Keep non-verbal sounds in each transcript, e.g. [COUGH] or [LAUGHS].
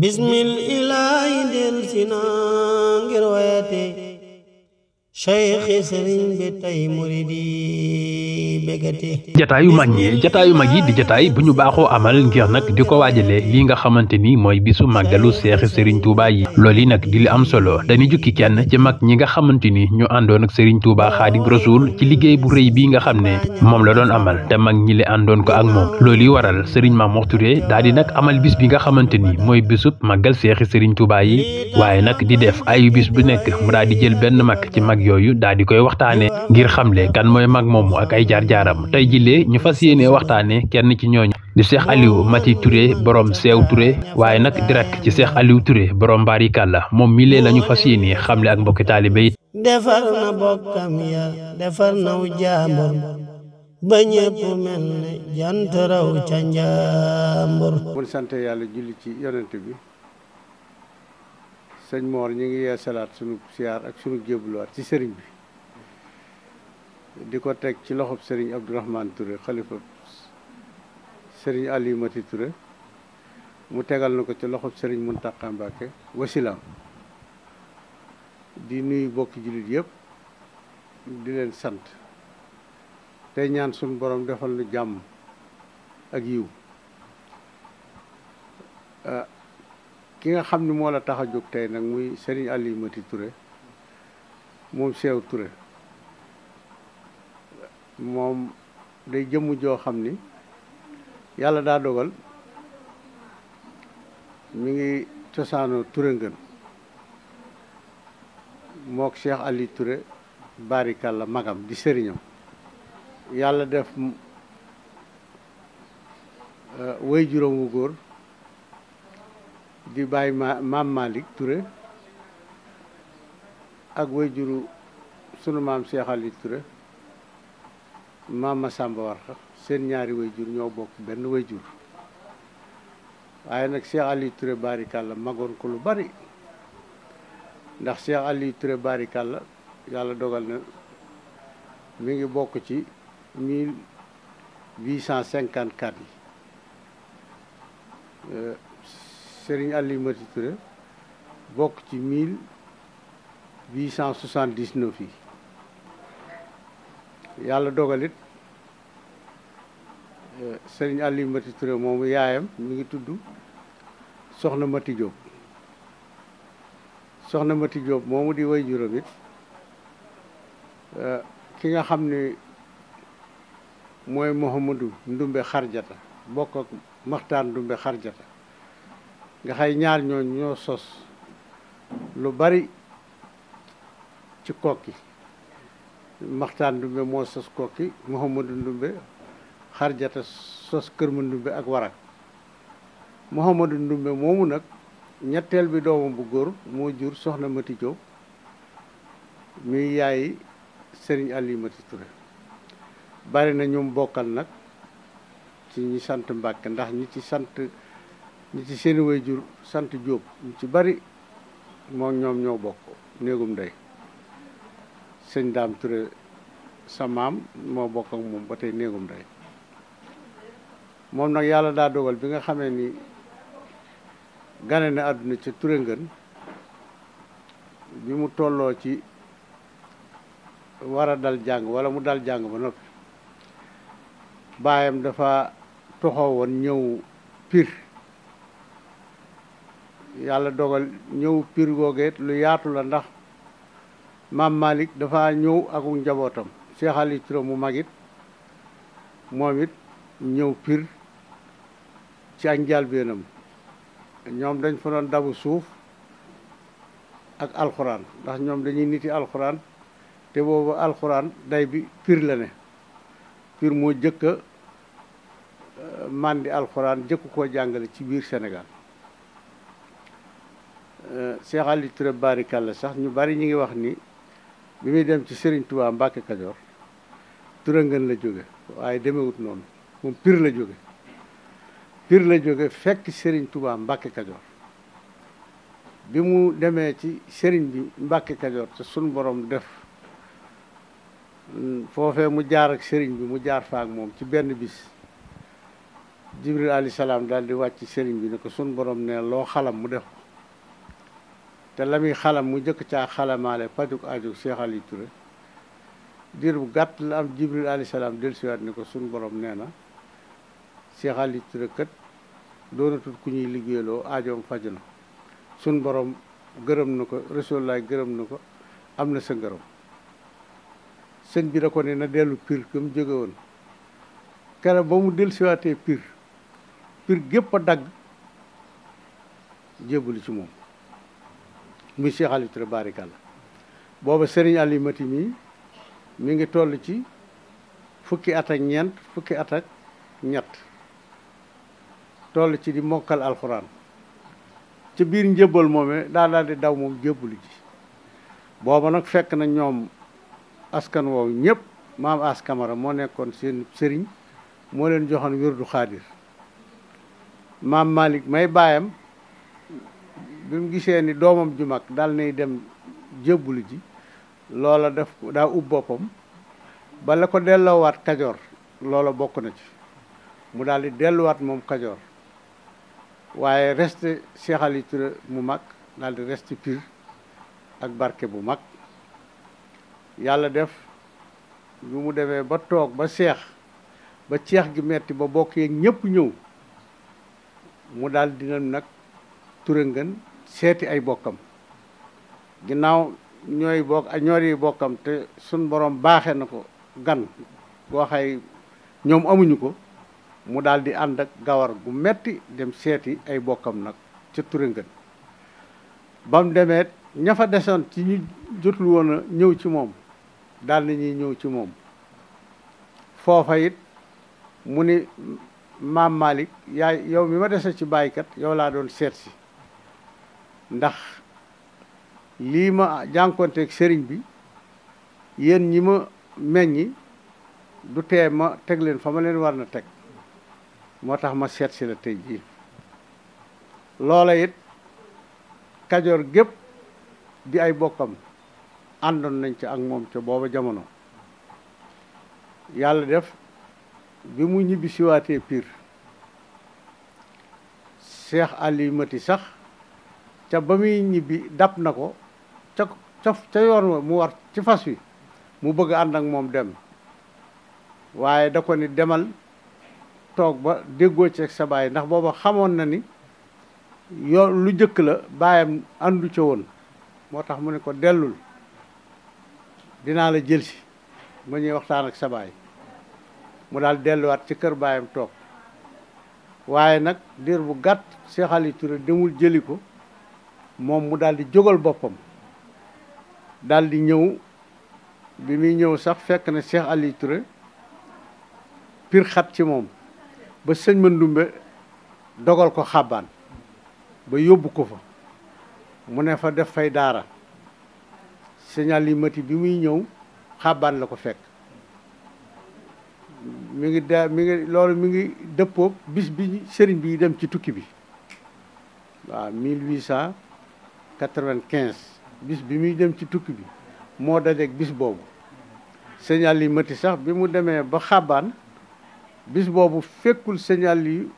bismil ilaahi del si na ngir wayate cheikh sëriñ bi tey muridi bégati jataayu mag yi di jataay bu ñu amal ngir nag di ko waajalee lii nga xamante ni bisu màggalu seexi sëriñ tuuba yi loolu nag di li am solo dañu jukki kenn ci mag ñi nga xamante ni ñu àndoon ak sëriñ tuuba xaadim ci bu bi nga la doon amal te mag ñi le àndoon ko ak moom waral sëriñ Mamour Touré daal nak amal bis bi nga xamante ni mooy bisub màggal seexi sëriñ tuuba yi waaye nag di def ayu bis bu mu di jël benn mag ci mag yoyu daal di koy waxtane ngir xamle kan moy mag momu ak ay jaar-jaaram tay jilee ñu fasiyene waxtane kenn ci ñooñu di Cheikh Aliou Mati Touré borom sew Touré waye nak direct ci Cheikh Aliou Touré borom barikalla mom mi le lañu fasiyene xamle ak mbokki talibé defal na bokkam ya defar naw jaambur ba ñepp melni ne jant raw ca njaambur. mun sant yàlla julli ci yonent bi sëñ Mor ñi ngi yeesalaat suñu siyaar ak sunu jébluwaat ci sëriñ bi di ko teg ci loxob sëriñ Abdourahmane Touré xalifa sëriñ ali Mati Touré mu tegal na ko ci loxob sëriñ Mountakha mbake wasilaam di nuy bokki julit yépp di leen sant tey ñaan sunu borom defal lu jàmm ak yiw ki nga xam ni moo la tax a jóg tey nag muy Serigne Aliou Mati Touré moom Cheikh Touré moom day jëmm joo xam ni yàlla daa dogal mu ngi cosaanoo Touré ngeen mook Cheikh Aliou Touré barikalla magam di sëriñam yàlla def euh, way juróom wu góor di bàyyi ma maam Malick Touré ak wayjuru sunu maam Cheikh Ali Touré maam Masamba Warxa seen ñaari wayjur ñoo bokk benn way wayjur waaye nag Cheikh Ali Touré barikàlla magoon ko lu bari ndax Cheikh Ali Touré barikàlla yàlla dogal na mu ngi bokk ci mille huit cent cinquante quatre yi euh, Serigne Aliou Mati bokk ci mil huit cent soixante yi yàlla dogalit euh, Serigne Aliou Mati moomu yaayam mu ngi tudd Soxna Mati Soxna Mati Diop moomu di way juróom euh, ki nga xam ni mooy Mouhamadou Ndumbe Xarjata bokk ak Maxtaan Ndumbe Xarjata nga xay ñaar ñooñ ñoo sos lu bari ci kokki maxtaan ndumbe moo sos kokki Mouhamadou ndumbe xarjata sos kër ma ndumbe ak warak Mouhamadou ndumbe moomu nag ñetteel bi doomam bu góor moo jur soxna Mati Diop mi yaay Serigne Aliou Mati Touré bari na ñoom bokkal nag ci ñi sant Mbàkke ndax ñi ci sant ñi ci seeni waajur sant Jóob ñu ci bari moom ñoom ñoo bokk néegum ndey sëñ Daam Ture sa maam moo bokk ak moom ba tey néegum ndey moom nag yàlla daa dogal bi nga xamee ni gane na àdduna ca Ture ngeen bi mu tolloo ci wara dal jàng wala mu dal jàng ba noppi baayam dafa toxoo woon ñëw Pire yàlla dogal ñëw Pire googee lu yaatu la ndax maam Malick dafa ñëw ak njabootam Cheikh Ali Touré mu magit moom it ñëw piir ci ak njëlbéenam ñoom dañ fa doon dabu suuf ak alxuraan ndax ñoom dañuy niti alxuraan te boobu alxuraan day bi piir la ne Pire moo jëkka euh, mandi alxuraan jëkku koo jàngale ci biir senegal Euh, Cheikh Aliou Touré sax ñu bari ñu ngi wax ni bi muy dem ci sëriñ tubaa Mbacke Kajoor Touré ngeen la jóge waaye demewut noonu moom Pire la jóge piir la jóge fekk sëriñ tubaa Mbacke Kajoor bi mu demee ci sëriñ bi Mbacke Kajoor te sunu borom def mm, foofee mu jaar ak Serigne bi mu jaar fa ak moom ci benn bis. Jibril alayhi salaam daal di wàcc Serigne bi ne ko sunu borom ne loo xalam mu def. te la muy xalam mu njëkk caa xalamaale pajuk aju Cheikh Aliou Touré diir bu gàtt la am Jibril alayhi salaam dellusiwaat ni ko suñ borom nee na Cheikh Aliou Touré kat doonatul ku ñuy liggéeyaloo aajoom faju na suñ borom gërëm na ko Rasulullah gërëm na ko am na sa ngërëm sëñ bi da ko ne na dellu pir kam jóge woon kere ba mu dellusiwaatee pir pir gépp a dagg jébbalu ci moom muy Cheikh Aliou Touré booba Serigne Aliou Mati mii mi ngi toll ci fukki at ak ñeent fukki at ak ñett toll ci di mokkal alxuraan ci biir njëbbal moome daa daal di daw moom jébbalu ci booba nag fekk na ñoom askan woowu ñépp maam as moo nekkoon seen sëriñ moo leen joxoon wirdu xaadir maam Malick may baayam bi mu gisee ni doomam ju mag dal nay dem jébbulu ji loola def daa ub boppam ba la ko delloowaat kajoor loola bokk na ci mu daldi delluwaat moom kajoor waaye reste Cheikh Ali mu mag daldi di reste ak barke bu mag yàlla def bi mu demee ba toog ba seex ba ceex gi metti ba bokk ñépp ñëw mu daldi dina nag Touré ngeen seeti ay bokkam ginnaaw ñooy bokk bokkam te suñ borom baaxe na ko gan boo xay ñoom amuñu ko mu daldi di ànd ak gawar gu metti dem seeti ay bokkam nag ca Turingën ba mu demee ña fa desoon ci ñu jotul woon ñëw ci moom daal ñuy ñëw ci moom foofa it mu ni maam Malick yaay yow mi ma dese ci bàyyikat yow laa doon seet si ndax lii ma jànkonteeg sëriñ bi yéen ñi ma meññi du tee ma teg leen fa ma leen war na teg moo tax ma seetsi si la tey jii loola it kajoor gépp di ay bokkam àndoon nañ ca ak moom ca booba jamono yàlla def bi mu ñibbi siwaatee piir Cheikh Aliou Mati sax ca ba muy ñibbi dab na ko ca ca ca yoon mu war ci fas wi mu bëgg ànd ak moom dem waaye da ko ni demal toog ba déggoo ci sa baay ndax booba xamoon na ni yo lu jëkk la baayam andu ca woon moo tax mu ne ko dellul dinaa la jël si ma ñuy waxtaan ak sa baay mu daal delluwaat ci kër toog waaye nag diir bu gàtt Cheikh Ali Touré demul jëli moom mu daal di jógal boppam daldi ñëw bi muy ñëw sax fekk na Cheikh Aliou Touré pir xat ci moom ba sëñ Mandoumbe dogal ko xàbbaan ba yóbbu ko fa mu ne fa def fay daara sëñ Aliou Mati bi muy ñëw xàbbaan la ko fekk mu ngi da mi ngi loolu mi ngi dëppoog bis bi sëriñ bi dem ci tukki bi waaw mille huit cent quatre-vingt-quinze bis bi muy dem ci tukki bi moo dajeeg bis boobu signal yi mati sax bi mu demee ba xàbbaan bis boobu fekkul signal yi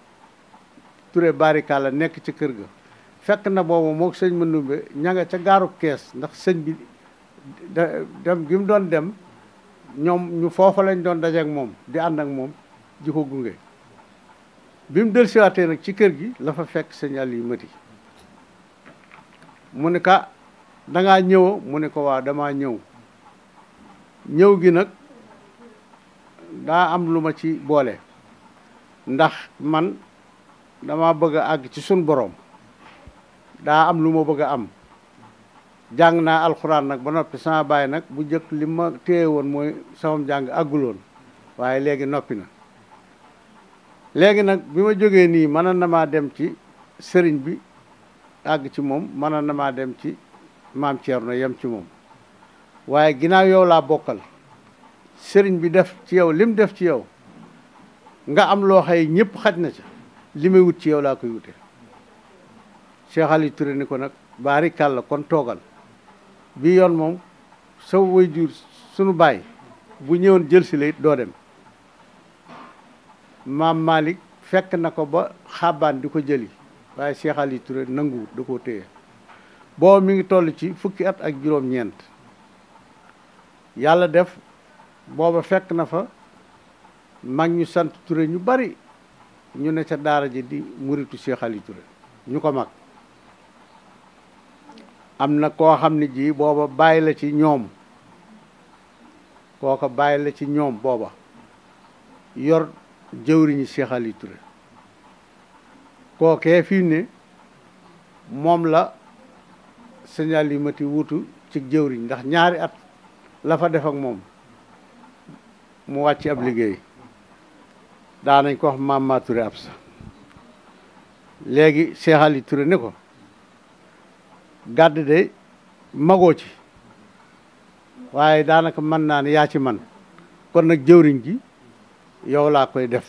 ture barika la nekk ci kër ga fekk na boobu moog sëñ Manoumbe ña nga ca gaaru kees ndax sëñ bi dem gi mu doon dem ñoom ñu foofa lañ doon dajeek moom di ànd ak moom di ko gunge bi mu dellusiwaatee nag ci kër gi la fa fekk signal yi mati mu ne ka dangaa ñëw mu ne ko waa damaa ñëw ñëw gi nag daa am lu ma ci boole ndax man dama bëgg a àgg ci sun borom daa am lu ma bëgg a am jàng naa alxuraan nag ba noppi sama baay nag bu njëkk li ma téye woon mooy samam jàng àgguloon waaye léegi noppi na léegi nag bi ma jógee nii mën na maa dem ci sëriñ bi àgg ci moom mënoon na maa dem ci maam na yem ci moom waaye ginnaaw yow laa bokkal sëriñ bi def ci yow lim def ci yow nga am loo xëy ñëpp xaj na ca li ci yow laa koy wute Cheikh Ali Touré ni ko nag baari kàlla kon toogal bi yoon moom sa way jur sunu baay bu ñëwoon jël si doo dem maam Malick fekk na ko ba xabaan di ko jëli waaye Cheikh Ali Touré nangu da koo téye boobu mi ngi toll ci fukki at ak juróom-ñeent yàlla def booba fekk na fa mag ñu sant Touré ñu bari ñu ne ca daara ji di muritu Cheikh ñu ko mag am na koo xam ne ji booba bàyyi la ci ñoom kooka bàyyi la ci ñoom booba yor jëwriñu Cheikh kookee fii ne moom la signal yi mati wutu ci jëwriñ ndax ñaari at la fa def ak moom mu wàcc ab liggéey daa nañ ko wax Mama Touré ab sa léegi Cheikh Ali Touré ne ko gàdd de magoo ci waaye daanaka mën naa ne yaa ci man kon nag jëwriñ gi yow laa koy def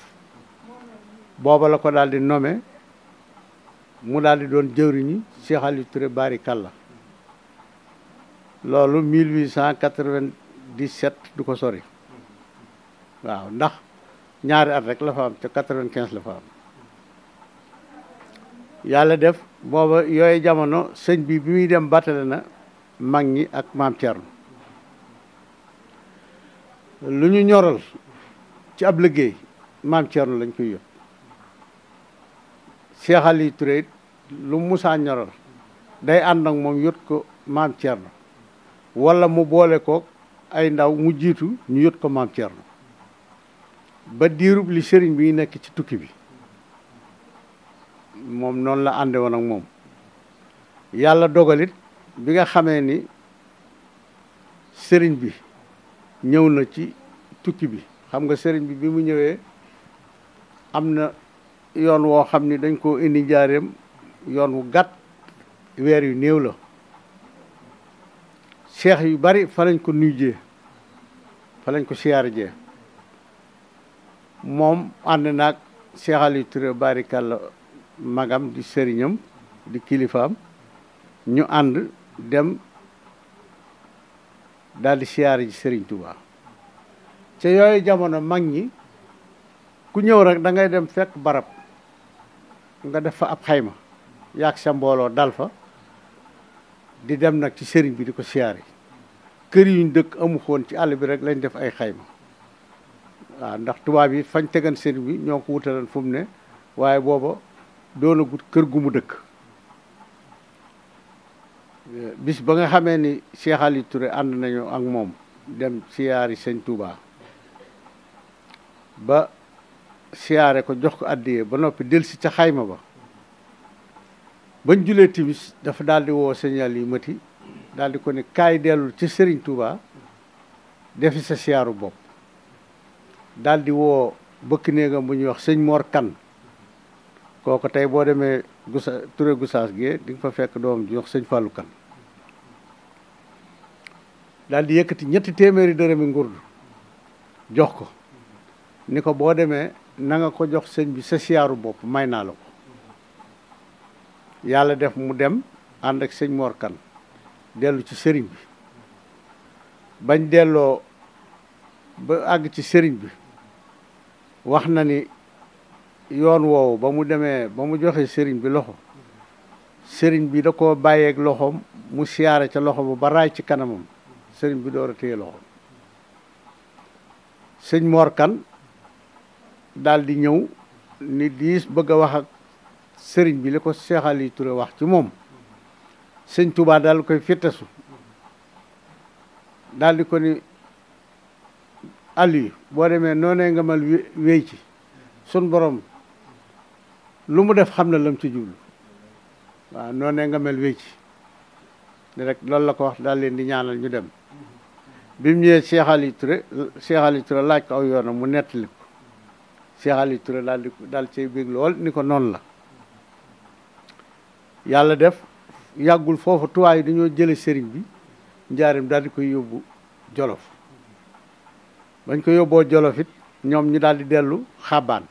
booba la ko daal nome mu daal di doon jëwriñu Cheikh Aliou Touré Bari la loolu 1897 du ko sori waaw ndax ñaari at rek la fa am ca 95 la fa am yàlla def booba yooyu jamono sëñ bi bi muy dem battale na mag ñi ak maam Thierno lu ñu ñoral ci ab liggéey maam Thierno lañ koy yóbbu. Cheikh Ali Touré lu musaa ñoral day ànd ak moom ko maam Thierno wala mu boole ko ay ndaw mu jiitu ñu yot ko maam Thierno ba diirub li sëriñ bi nekk ci tukki bi moom noonu la ànde woon ak moom yàlla dogalit bi nga xamee ni sëriñ bi ñëw na ci tukki bi xam nga sëriñ bi bi mu ñëwee am yoon woo xam ni dañ koo indi njaareem yoon wu gàtt weer yu néew la seex yu bari fa lañ ko nuyjee fa lañ ko siyaar jee moom ànd naag Seex Touré barikàlla magam di sëriñam di kilifaam ñu ànd dem daal di siyaar ji sëriñ Touba ca yooyu jamono mag ñi ku ñëw rek da ngay dem fekk barab nga def fa ab xayma yaag sa mbooloo dal fa di dem nag ci sëriñ bi di ko siyaare kër yuñ dëkk amu xoon ci àll bi rek lañ def ay xayma waaw ndax tubaab yi fañ tegan sëriñ bi ñoo ko wutalan fu ne waaye booba doona gut kër gu mu dëkk bis ba nga xamee ni Cheikh Ali ànd nañu ak moom dem siyaari sëñ Touba ba siyaare ko jox ko àddiyee ba noppi delsi ca xayma ba bañ julee timis dafa daal di woo signal yi mati daal di ko ne kaay dellu ci Serigne Touba defi sa siyaaru bopp daal woo bëkk néegam bu ñuy wax sëñ Mor Kan kooku tey boo demee gusa Touré Gusaas gi di fa fekk doom ju wax sëñ Fallou Kan daal di yëkkati ñetti téeméeri dërëmi ngurdu jox ko ni ko boo demee nanga ko jox sëñ bi sa siyaaru bopp may naa la ko yàlla def mu dem ànd ak sëñ Mor Kan dellu ci sëriñ bi bañ delloo ba àgg ci sëriñ bi wax na ni yoon woowu ba mu demee ba mu joxe sëriñ bi loxo sëriñ bi da koo bàyyeek loxoom mu siyaare ca loxo ba ba raay ci kanamam sëriñ bi doo a téye sëñ Mor Kan daldi ñëw ni diis bëgg a wax ak sëriñ bi li ko seexal Aliou Touré wax ci moom sëñ Touba daal koy fittasu daldi ko ni Aliou boo demee noonee nga mal wéy ci sun boroom lu mu def xam na lam ci jublu waaw noonee nga mel wéy ci ni rek loolu la ko wax dal leen di ñaanal ñu dem bi mu ñëwee Cheikh Aliou Touré Cheikh Aliou Touré laaj ko aw yoonam mu nettali Cheikh Aliou Touré daal di daal cay bég lool ni ko noonu la yàlla def yàggul foofu tuwaay dañoo jële sëriñ bi njaarim dal di koy yóbbu jolof bañ ko yóbboo jolofit ñoom ñu daal di dellu xabaan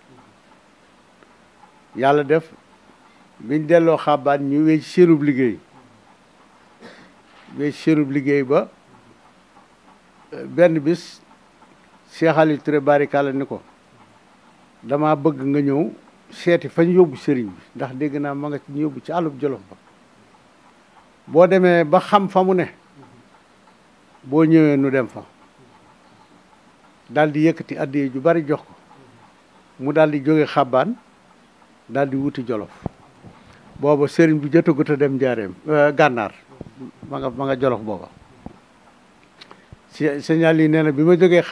yàlla def biñ delloo xàbbaan ñu wéy seenub liggéey wéy ci liggéey ba eh, benn bis Cheikh Aliou ni ko dama bëgg nga ñëw seeti fañ yóbbu sëriñ bi ndax dégg naa ma nga ñu yóbbu ci àllub jolof ba boo demee ba xam fa mu ne boo ñëwee nu dem fa daal di yëkkati addiye ju bari jox ko mu daal di jóge xàbbaan daal di wuti jolof booba sëriñ bi jotagut a dem njaareem euh, gànnaar ma nga ma nga jolof booba signal yi nee na bi ma jógee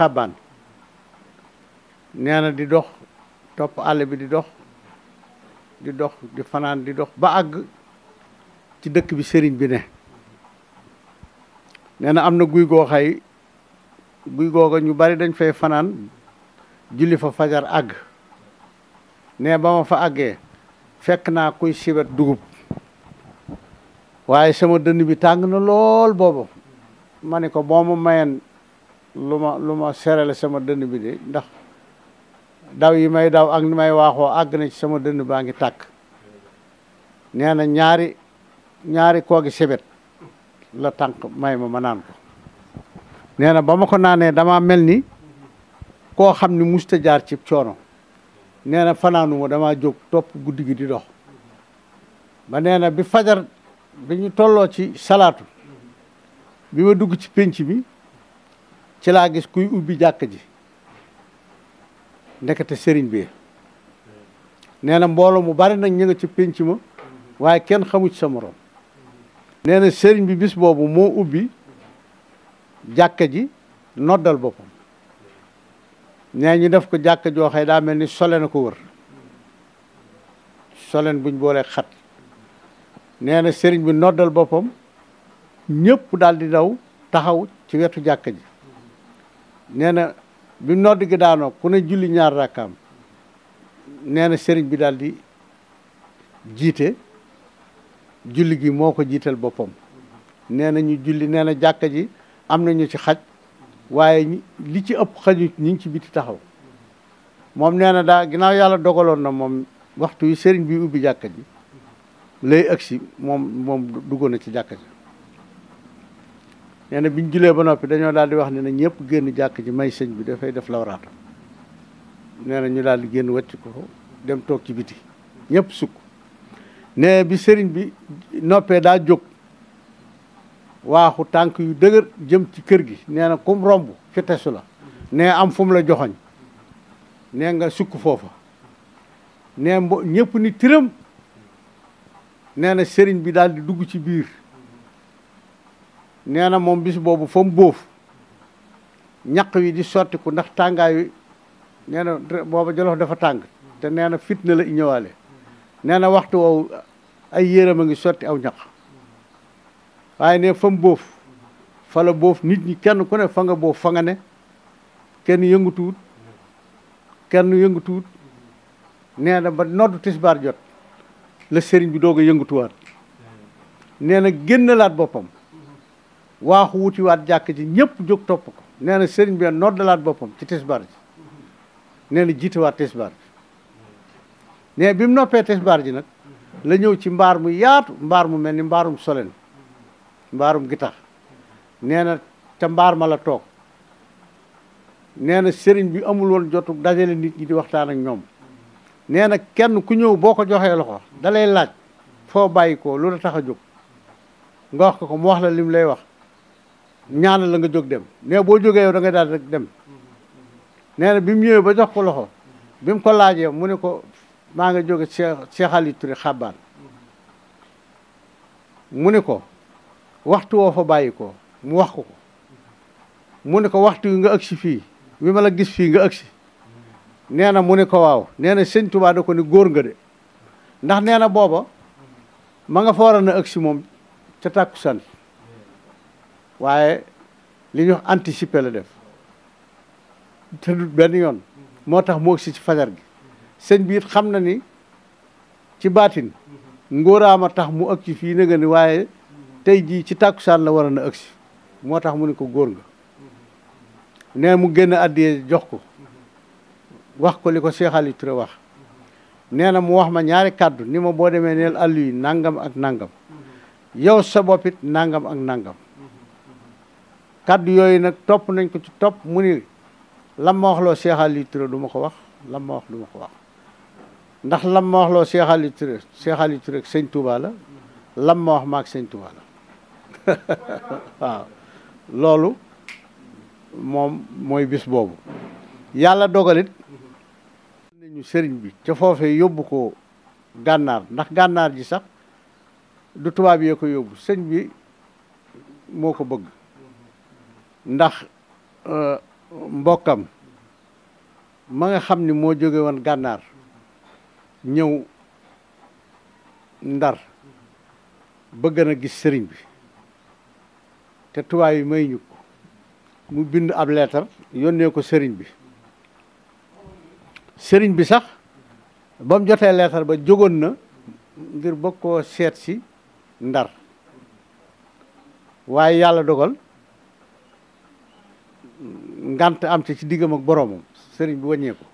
nee di dox top àll bi di dox di dox di fanaan di dox ba àgg ci dëkk bi sëriñ bi ne nee na am na guy goo xay guy googa ñu bari dañ fay fanaan julli fa fajar ag, ne ba ma fa àggee fekk naa kuy sibet dugub waaye sama dënn bi tàng na lool boobu ma ne ko boo ma mayen luma ma lu ma serale sama dënn bi de ndax daw yi may daw ak ni may waaxoo àgg na ci sama dënn baa ngi tàkk nee na ñaari ñaari koogi sebet la tànk may ma ma naan ko nee na ba ma ko naanee damaa mel ni koo xam ni musta jaar ci coono nee na fanaanuma damaa jóg topp guddi gi di dox ba nee na bi fajar bi ñu tolloo ci salaatu bi ma dugg ci pénc bi ci laa gis kuy ubbi jàkk ji ndekete sëriñ bi nee na mbooloo mu bari nag ñu ci pénc ma waaye kenn xamu ci sa morom neena sëriñ bi bis boobu moo ubbi jàkka ji noddal boppam nee ñu def ko jàkka joo xëy daa mel ni solen a ko wër soleen buñ boolee xat neena sëriñ bi noddal boppam ñépp daal di daw taxaw ci wetu jàkka ji nee bi nodd gi daanoo ku ne julli ñaar rakkaam nee na sëriñ bi daal di jiite julli gi moo ko jiital boppam nee na ñu julli nee na jàkka ji am na ñu ci xaj waaye li ci ëpp xaju ñi ngi ci biti taxaw moom nee na ginnaaw yàlla dogaloon na moom waxtu wi sëriñ bi ubbi jàkka ji lay agsi moom moom duggoon na ci jàkka ji nee na biñ julee ba noppi dañoo daal di wax ne na ñëpp génn jàkk ji may sëñ bi dafay def lawraata nee ñu daal di génn wàcc ko dem toog ci biti ñëpp sukk ne bi sëriñ bi noppee daa jóg waaxu tànk yu dëgër jëm ci kër gi nee kum romb fi tesu la ne am fu mu la joxoñ nee nga sukk foofa ne mbo ñëpp ni tiram nee na sëriñ bi daal di dugg ci biir nee na moom bis boobu fa mu bóof ñaq wi di sottiku ndax tàngaay wi nee booba jolof dafa tàng te nee na fitna la ñëwaale nee na waxtu woowu ay yéram a ngi sotti aw ñaq waaye ne fam mu bóof fa bóof nit ñi kenn ku ne fanga nga bóof fa nga ne kenn yëngutuut kenn yëngutuut nee na ba noddu tisbaar jot la sëriñ bi doog a yëngutuwaat nee na laat boppam waaxu wutiwaat jàkk ji ñépp jóg topp ko nee na sëriñ bi noddalaat boppam ci tisbaar ji nee na jiitewaat tisbaar ji nee bi mu noppee tisbaar ji nag la ñëw ci mbaar mu yaatu mbaar mu mel ni mbaarum solen mbaarum gitax nee na ca mbaar ma la toog nee na sëriñ bi amul woon jotu dajale nit ñi di waxtaan ak ñoom nee na kenn ku ñëw boo ko joxee loxo dalay laaj foo bàyyi ko lu la tax a jóg nga wax ko ko mu wax la lim lay wax ñaana la nga jóg dem nee boo jógee yow da daal rek dem nee na bi mu ñëwee ba jox ko loxo bi mu ko laajee mu ne ko maa nga jóge Cheikh Cheikh Ali Touré mu ne ko waxtu woo fa bàyyi ko mu wax ko ko mu ne ko waxtu wi nga agsi fii wi ma la gis fii nga agsi nee na mu ne ko waaw nee na sëñ da ko ni góor nga de ndax nee na booba ma nga foora na agsi moom ca tàkkusaan waaye li ñuy wax anticiper la def te du benn yoon moo tax mu agsi ci fajar gi sëñ bi xam na ni ci baatin ngóoraama tax mu agsi fii na ni waaye tey jii ci tàkkusaan la waroon a agsi moo tax mu ne ko góor nga ne mu génn àddiyee jox ko wax ko li ko Cheikh Aliou Touré wax nee na mu wax ma ñaari kàddu ni ma boo demee neel àll yi nangam ak nangam yow sa boppit it nangam ak nangam kàddu yooyu nag topp nañ ko ci topp mu ni lam ma waxloo Cheikh Aliou duma ko wax lam ma wax du ko wax ndax lam ma waxloo Cheikh Aliou Touré Cheikh Aliou sëñ Touba la lam ma wax maak sëñ Touba [LAUGHS] waaw loolu moom mooy bis boobu yàlla dogalit nañu sëriñ bi ca foofee yóbbu ko gànnaar ndax gànnaar ji sax du tubaab yee ko yóbbu sëñ bi moo ko bëgg ndax euh, mbokkam ma nga xam ni moo jóge woon gànnaar ñëw ndar bëgg na gis sëriñ bi te tubaab yi may ñu mu bind ab leetar yónnee ko sëriñ bi sëriñ bi sax ba mu jotee leetar ba jógoon na ngir bëgg koo seet si ndar waaye yàlla dogal ngant am ci ci diggam ak boroomam sëriñ bi wàññeeku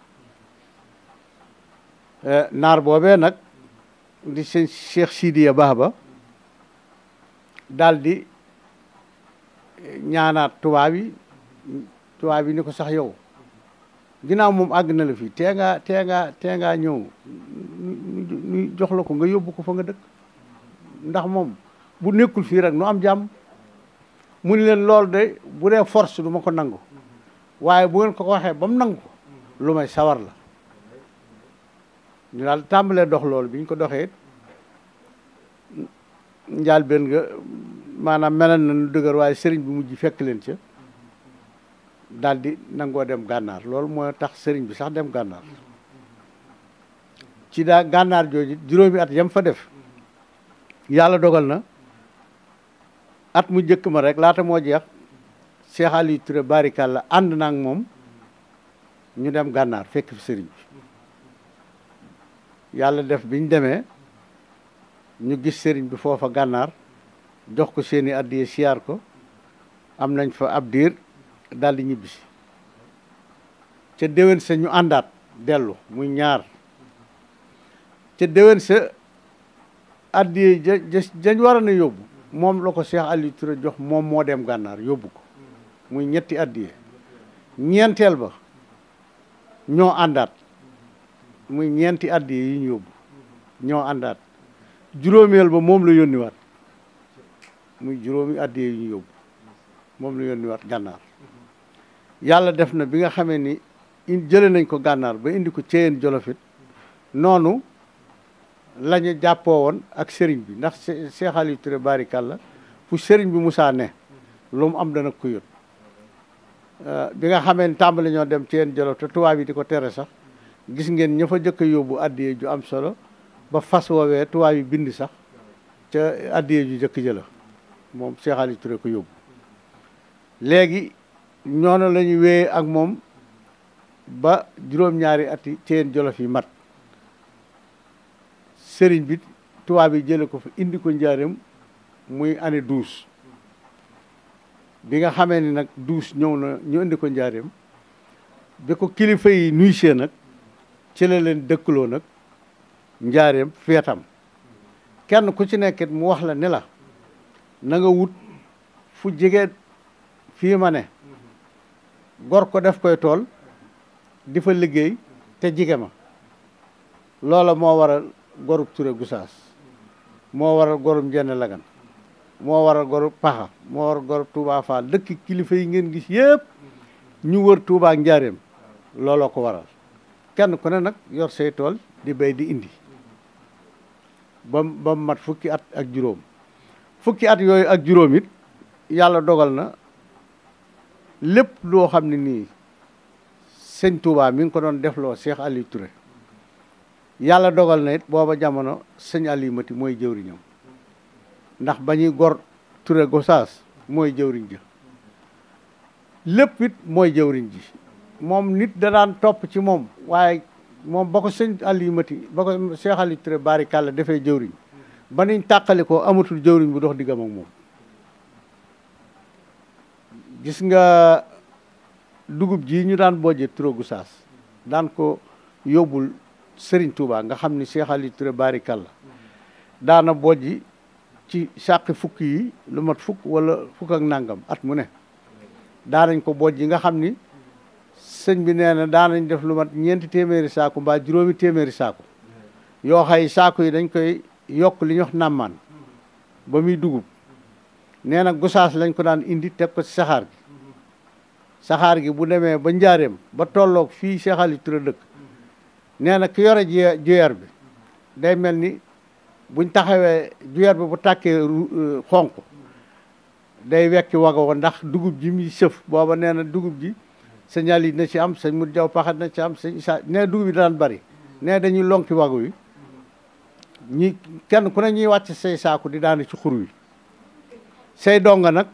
eh, naar boobee nag di seen Cheikh Sidiya baax ba daal di ñaanaat tubaab yi tubaab yi ni ko sax yow ginnaaw moom àgg na la fii tee ngaa tee ngaa ñëw ñu jox la ko nga yóbbu ko fa nga dëkk ndax moom bu nekkul fii rek nu am jàmm mu ni leen lool de bu dee force du ma ko nangu waaye bu ngeen ko ko waxee ba mu nangu lu may sawar la ñu daal tàmbalee dox loolu bi ñu ko doxee njaal benn nga maanaam meleen na nu dëgër waaye sëriñ bi mujj fekk leen ca daal di nangoo dem gànnaar loolu mooy tax sëriñ bi sax dem gànnaar ci daa gànnaar jooju juróomi at yam fa def yàlla dogal na at mu njëkk ma rek laata moo jeex Cheikh Aliou Touré Barikalla ànd naa ak moom ñu dem gànnaar fekk fi sëriñ bi yàlla def biñ demee ñu gis sëriñ bi foofa gànnaar jox ko seeni addiye siyaar ko am nañ fa ab diir daal di ñibbisi ca déwén sa ñu àndaat dellu muy ñaar ca déwén sa addiye ja ja jañ war a yóbbu moom la ko Cheikh Aliou jox moom moo dem gànnaar yóbbu ko muy ñetti addiye ñeenteel ba ñoo àndaat muy ñeenti addiye yi ñu yóbbu ñoo àndaat juróomeel ba moom la yónniwaat muy juróomi addiye yi ñu yóbbu moom la yónniwaat gànnaar yàlla def na bi nga xamee ni in jële nañ ko gànnaar ba indi ko ceeyeen jolofit noonu lañu jappo won ak serigne bi ndax Cheikh ali Touré barikalla fu serigne bi Moussa ne lu am dana ko yót euh, bi nga xamé tambali ñoo dem ci en jolof te tuwa bi di téré sax gis ngeen ñafa jëk addiye ju am solo ba fas wowe tuwa bi bind sax ci addiye ju jëk jëla mom Cheikh ali Touré ko yóbbu légui ñono lañu wé ak mom ba juroom ñaari ati ci en fi mat sëriñ bi tubaab yi jële ko fa indi ko njaareem muy année douze bi nga xamee ni nag duus ñëw na ñu indi ko njaareem bi ko kilifa yi nuy see nag ci la leen dëkkloo nag njaareem feetam kenn ku ci nekkit mu wax la ne la na wut fu jege fii ma ne gor ko def koy tool di fa liggéey te jige ma loola moo waral gorub Touré Gusaas moo waral gorub Njenne Lagan moo waral gorub Paxa moo waral gorub Touba Fall dëkk kilifa yi ngeen gis yëpp ñu wër tuubaa ak Njaareem looloo ko waral kenn ku ne nag yor say tool di bay di indi ba ba mat fukki at ak juróom fukki at yooyu ak juróom yàlla dogal na lépp loo xam ne nii sëñ Touba mi ngi ko doon defloo Cheikh Aliou Touré. yàlla dogal na it booba jamono sëñ Aliou Mati mooy jëwriñam ndax ba ñuy gor Touré Gosaas mooy jëwriñ ji lépp mooy jëwriñ ji moom nit da daan topp ci moom waaye moom ba ko sëñ Aliou Mati ba ko Cheikh Aliou Touré bari kàlla dafay jëwriñ ba niñ tàqali ko amatul jëwriñ bu dox diggam ak moom gis nga dugub ji ñu daan bojjee Touré Gosaas daan ko yóbbul sëriñ Touba nga xam ni Cheikh Ali Touré barikalla daana bojji ci sàqi fukk yi lu mat fukk wala fukk ak nangam at mu ne daanañ ko yi nga xam ni sëñ bi nee na daanañ def lu ñeenti téeméeri saako mbaa juróomi téeméeri saako yoo xay saako yi dañ koy yokk li wax nàmmaan ba muy dugub nee na gosaas lañ ko daan indi teg ko ci saxaar gi saxaar gi bu demee ba njaareem ba tolloog fii Cheikh Ali Touré dëkk nee na ki yore ju juyeer bi day mel ni buñ taxawee juyeer bi bu tàkkee euh, xonq day wekki wago ndax dugub ji muy sëf booba nee na dugub ji signal yi na ci am sëñ mu jaw paxat na ci am sëñ isa nee dugub yi daan bari nee dañuy lonki wago yi ñi kenn ku ne ñuy wàcc say saaku di daanu ci xur wi say donga nag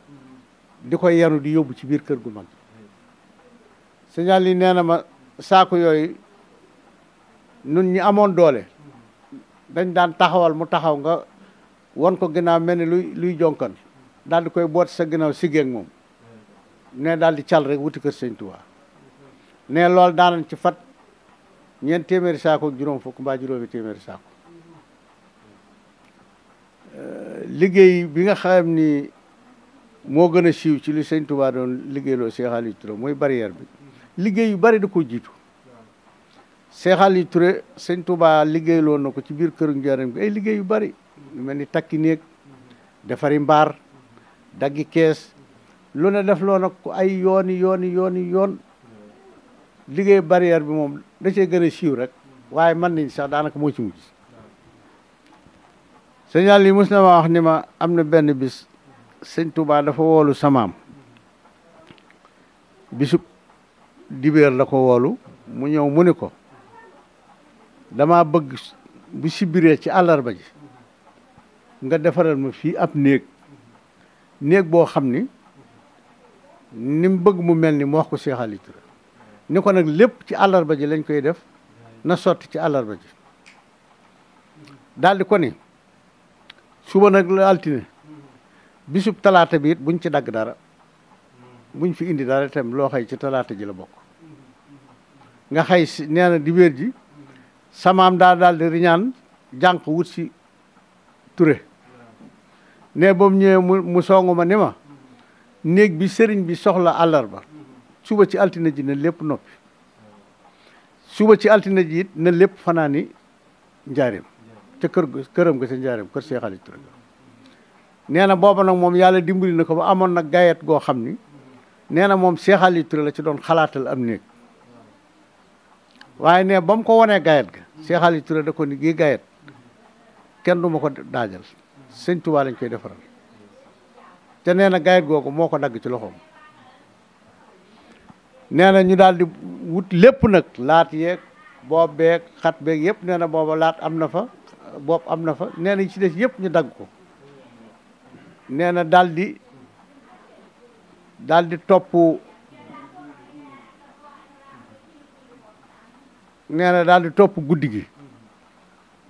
di ko yenu di yóbbu ci biir kër gu mag signal yi nee na ma saaku yooyu nun ñi amoon doole dañ daan taxawal mu taxaw nga won ko ginnaaw mel ni luy luy jonkan daal di koy boot sa ginnaaw siggéeg moom ne daal di cal rek wuti kër sëñ Tuubaa ne lool daanañ ci fat ñeent téeméeri saako juróom fukk mbaa juróomi téeméeri saako euh, liggéey bi nga xam ni moo gën a siiw ci lu sëñ Tuubaa doon liggéeyloo Cheikh Aliou Touré mooy barrière bi liggéey yu bari da ko jiitu Cheikh Aliou Touré sëñ Touba liggéeyloo na ko ci biir këru njaareem gi ay liggéey yu bari lu mel ni takki néeg defari mbaar daggi kees lu ne def loo nag ko ay yooni yooni yooni yoon liggéey barrière bi moom da cee gën a siiw rek waaye mën nañ sax daanaka moo ci mujj sëñ Aliou mos na ma wax ni ma am na benn bis sëñ Touba dafa woolu samaam bisub dibéer la ko woolu mu ñëw mu ni ko dama bëgg bu sibiree ci àllarba ji nga defaral ma fii ab néeg néeg boo xam ni ni mu bëgg mu mel ni mu wax ko Cheikh Aliou Touré ni ko nag lépp ci àllarba ji lañ koy def na sotti ci àllarba ji daldi ko ni suba nag la altine bisub talaata bi it buñ ci dagg dara buñ fi indi dara itam loo xay ci talaata ji la bokk nga xay nee na dibéer ji samaam daal daal di riñaan jànq wut si Touré ne ba mu ñëwee mu mu songu ma ni ma néeg bi sëriñ bi soxla àllarba suba ci altine ji na lépp noppi suba ci altine ji na lépp fanaani njaarim ca kër këram ga sa njaarim kër see xaalis Touré nee na booba nag moom yàlla dimbali na ko ba amoon nag gayet goo xam ni nee na moom Seex Ali la ci doon xalaatal am néeg waaye ne ba mu ko wanee gayet ga Cheikh Aliou Touré ko ni gii gayet kenn du ma ko daajal sëñ Tuubaa lañ koy defaral te nee na gayet googu moo ko dagg ci loxoom nee na ñu daal wut lépp nag laat yeeg boob beeg xat beeg yëpp nee na booba laat am na fa boob am na fa nee na yi ci des yëpp ñu dagg ko nee na daal topp nee na daal di topp guddi gi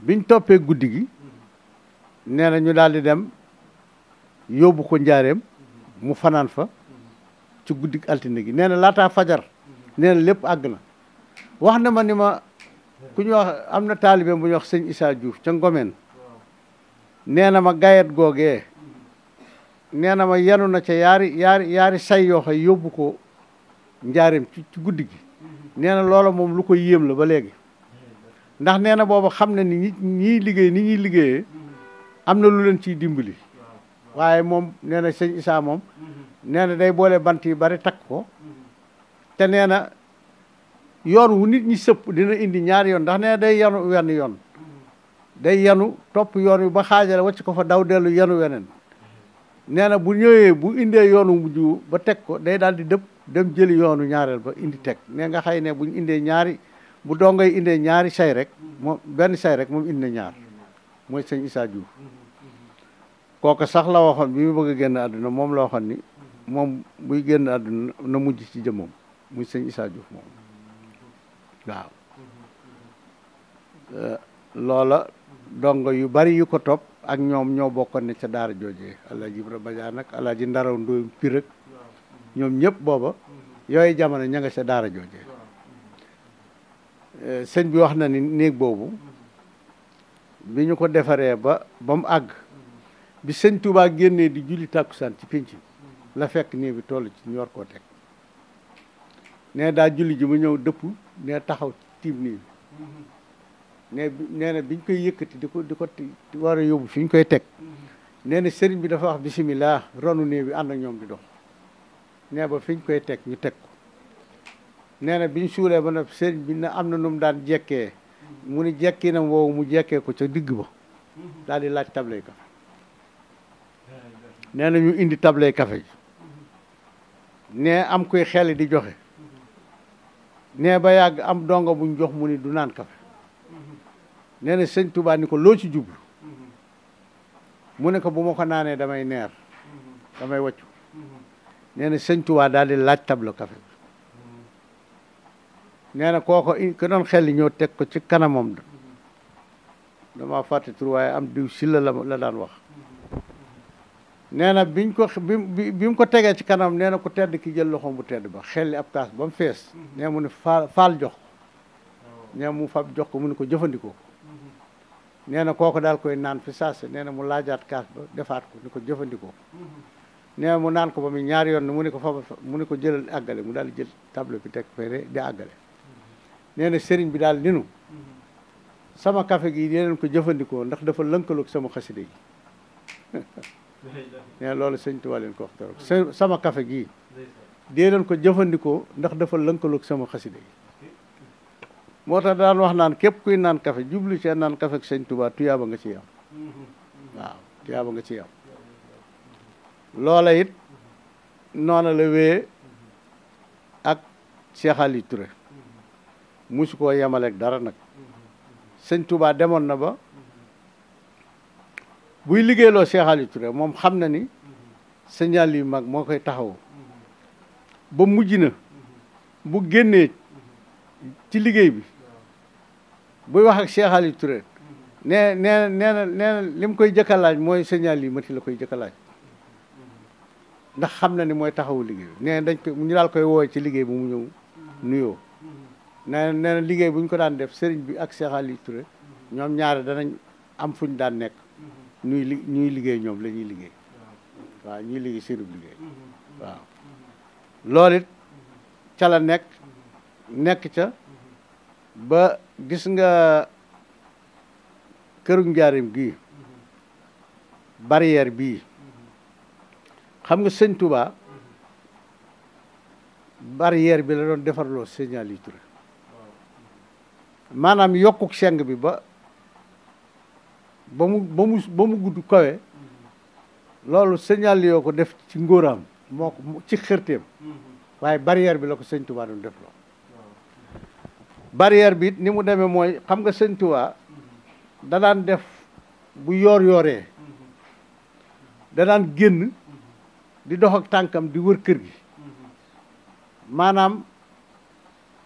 biñ toppee guddi gi nee na ñu daal di dem yóbbu ko njaareem mu fanaan fa ci guddi altine gi nee na laataa fajar nee lépp àgg na wax na ma ni ma ku ñu wax am na taalibe mu ñu wax sëñ Issa Diouf ca Ngomeen nee na ma gayet googee nee na ma yenu na ca yaari yaari yaari say yóbbu ko njaareem ci ci guddi gi nee na loola moom lu ko yéem la ba léegi ndax nee na booba xam na ni ñii liggéey ni ñuy liggéeyee am na lu leen ciy dimbali waaye moom neena na Isaa moom nee na day boole bant yi bari takk ko te nee na yoon wu nit ñi sëpp dina indi ñaari yoon ndax nee day yanu wenn yoon day yanu topp yoon wi ba xaajale wacc ko fa daw dellu yanu weneen nee na bu ñëwee bu indee yoonu mujj ba teg ko day daal di dëpp dem jëli yoonu ñaareel ba indi teg ne nga xay ne bu ñu indee ñaari bu dongay indee ñaari say rek moom benn say rek moom indi na ñaar mooy sëñ Issa Diouf sax la waxoon bi mu bëgg a génn àdduna moom la waxoon ni moom muy génn àdduna na mujj ci jëmmam muy sëñ Issa moom waaw euh, loola dongo yu bari yu ko topp ak ñoom ñoo bokkoon ne ca daara joojee alaaji Ibra Badiane ak alaaji Ndaraw Ndoy Pire ñoom ñëpp booba yooyu jamono ñanga nga sa daara jooje eh, sëñ bi wax na ni néeg boobu bi ñu ko defaree ba ba mu àgg bi sëñ Touba génnee di julli tàkkusaan ci pinc la fekk néeg bi toll ci ñu war koo teg nee daa julli ji mu ñëw dëpp nee taxaw tiim néeg bi nee nee na biñ koy yëkkati di ko di ko war a yóbbu fi ñu koy teg mm-hmm. nee ne sëriñ bi dafa wax bisimilah ronu néeg bi ànd ak ñoom di dox nee ba fiñ koy teg ñu teg ko nee na biñ suulee ba nag sëriñ bi na am na nu mu daan jekkee mu ni jekki na woowu mu jekkee ko ca digg ba daal di laaj tabley kafe nee na ñu indi tabley kafe ji nee am koy xel di joxe nee ba yàgg am dongo buñ jox mu ni du naan kafe nee na sëñ Tuubaa ni ko loo ci jublu mu ne ko bu ma ko naanee damay neer damay waccu nee na sëñ Tuubaa daal di laaj tableau café nee na kooko ku doon xel li ñëw teg ko ci kanamam dama fàtte tur am diw silla la daan wax nee na biñ ko bi mu ko tegee ci kanam nee na ku tedd ki jël loxoom bu tedd ba xel ab kaas ba mu fees nee mu ne faal faal jox nee mu fab jox ko mu ni ko jëfandikoo nee na kooku daal koy naan fi saase nee na mu laajaat kaas ba defaat ko ni ko jëfandikoo nee mu naan ko ba mu ñaari yoon mu ne ko fabal mu ne ko jëlal àggale mu daal di jël tableau bi teg fere di àggale nee na sëriñ bi daal ninu sama kafe gi yeneen ko jëfandikoo ndax dafa lënkaloog sama xasida yi [LAUGHS] nee loolu sëñ Tuubaa ko sama café gii dee leen ko jëfandikoo ndax defal lënkaloog sama xasida yi moo tax daan wax naan képp kuy naan kafe jublu ci naan kafe ak sëñ Tuubaa tuyaaba nga ci yam [LAUGHS] waaw tuyaaba nga ci yam loola it noona la wéyee ak Cheikh Ali Touré musu koo yemaleek dara nag sëñ Touba demoon na ba buy liggéeyloo Cheikh Ali moom xam na ni signal yu mag moo koy taxaw ba mujj na bu génnee ci liggéey bi buy wax ak Cheikh Ali ne nee nee nee na nee li mu koy jëkkalaaj mooy signal yi mati la koy jëkkalaaj ndax xam na ni mooy taxawu liggéey bi dañ ko ñu daal koy wooy ci liggéey bu mu ñëw nuyoo nee na liggéey bu ñu ko daan def sëriñ bi ak Cheikh Aliou Touré ñoom ñaare danañ am fuñ daan nekk ñuy li liggéey ñoom lañuy ñuy liggéey waaw ñuy liggéey seenub liggéey waaw loolu nekk nekk ca ba gis nga këru njaarim gii barrière bii xam nga sëñ Touba barrière bi la doon defarloo signal yi Touré maanaam yokku seng bi ba ba mu ba mu gudd kawe loolu signal ko def ci ngóoraam moo ko ci xërteem waaye barrière bi la ko sëñ Touba doon def loo barrière bi ni mu demee mooy xam nga sëñ Touba da daan def bu yoor yooree da daan génn di dox ak tànkam di wër kër gi maanaam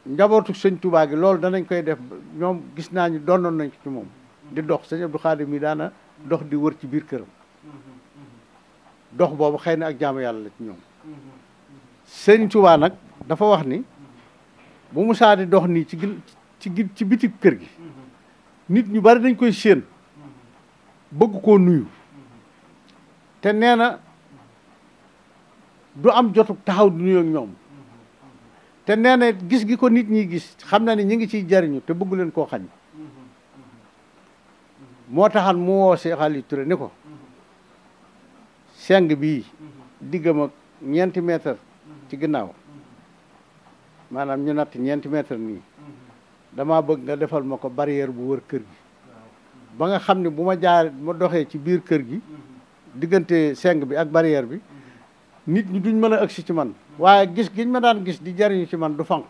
njabootu sëñ tubaa gi loolu danañ koy def ñoom gis naa ñu doonoon nañ ci moom di dox sëñ Abdou Khadim mii daana dox di wër ci biir këram dox boobu xëy na ak jaamu yàlla la ci ñoom sëñ Tuubaa nag dafa wax ni bu Musaa di dox nii ci ci ci biti kër gi nit ñu bari dañ koy séen bëgg koo nuyu te nee du am jotu taxaw du nuyo ñoom te nee gis gi ko nit ñi gis xamna ni ñi ngi ci jarignu té bëggu leen ko xañ mo taxan mu wo Cheikh Aliou Touré ni ko seng bi digam ak ñent mètre ci ginnaaw manam ñu nat ñent mètre nii dama bëgg nga defal mako barrière bu wër kër gi ba nga xamni buma jaar mo doxé ci biir kër gi digënté seng bi ak barrière bi nit ñu duñ mëna aksi ci man waye gis giñ ma daan gis di jariñu ci man du fank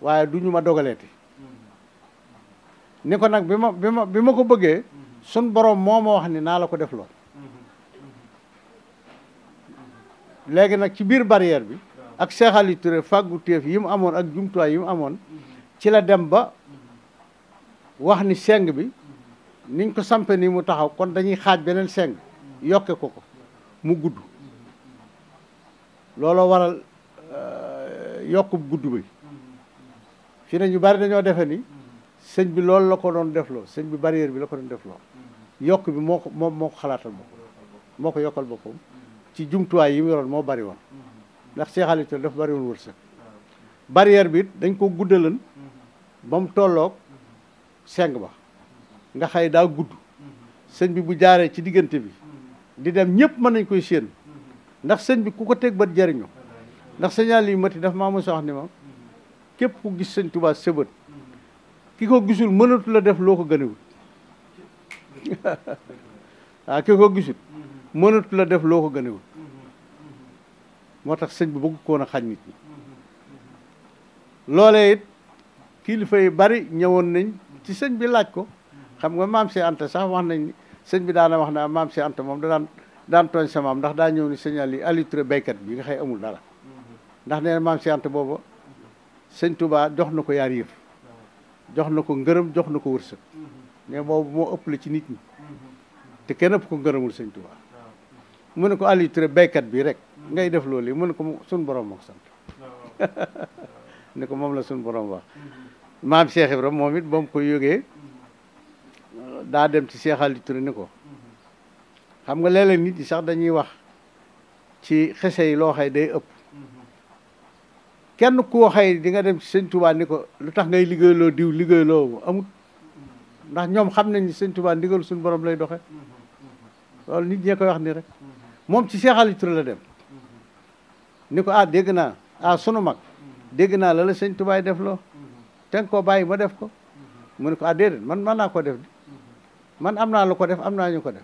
waye duñu ma dogaleti ni nak bima bima bima ko bëgge sun borom momo wax ni na la ko def lo léegi nak ci biir barrière bi ak Cheikh Ali Touré fagu teef yim amone ak jumtu yi mu ci la dem ba wax ni seng bi niñ ko sampé ni mu taxaw kon dañuy xaj benen seng yokke ko ko mu guddou looloo waral euh, yokkub gudd bi fi ne ñu bari dañoo defe ni sëñ bi loolu la ko doon defloo sëñ bi barrière bi la ko doon loo yokk bi moo ko moom moo xalaatal boppam moo ko yokkal boppam ci jumtuwaay yi mu yoroon moo bari woon ndax Cheikh Aliou Thion dafa bari woon wërsëg barrière bi dañ koo guddalan ba mu tollook seng ba nga xay daa gudd sëñ bi bu jaaree ci diggante bi di dem ñëpp mën nañ koy séen ndax sëñ bi ku ko teg bët jariñu ndax señal yi mati daf maa mos a wax ni ma képp ku gis sëñ Tuubaa sëbët ki ko gisul mënatula def loo ko gënewul waaw [LAUGHS] ah, ki ko gisul def loo ko gënewul moo tax sëñ bi bëgg koon a xañ nit ñi loolee it kilifa yi bari ñëwoon nañ ci sëñ bi laaj ko xam nga maam see Anta sax wax nañ ni sëñ bi daana wax naa maam si Anta moom da daan daan tooñ sa maam ndax daa ñëw ni sëñ Ali Ali Touré béykat bi nga xay amul dara ndax nee na maam si Anta booba sëñ Touba jox na ko yaar yëf jox na ko ngërëm jox na ko wërsëg mais boobu moo ëpp la ci nit ñi te kenn ëpp ko ngërëmul sëñ Touba mu ne ko Ali baykat bi rek ngay def loolu yi mu ne ko suñ borom moo ko [LAUGHS] ko moom la suñ borom wax maam Cheikh rek moom it ba koy yogee daa dem ci Cheikh Ali Touré ni ko xam nga léeg nit ñi sax dañuy wax ci xese yi loo xay day ëpp kenn ku xay di nga dem ci sëñ Tuubaa ni ko lu tax ngay liggéeyloo diw liggéeyloo amul ndax ñoom xam nañ ni sëñ Tuubaa ndigal suñ borom lay doxe loolu nit ñee ko wax ni rek moom ci Cheikh Aliou Touré la dem ni ko ah dégg naa ah sunu mag dégg naa la la sëñ Tuubaa def loo te koo bàyyi ma def ko mu ne ko ah déedéet man mën naa ko def man am naa lu ko def am naa ñu ko def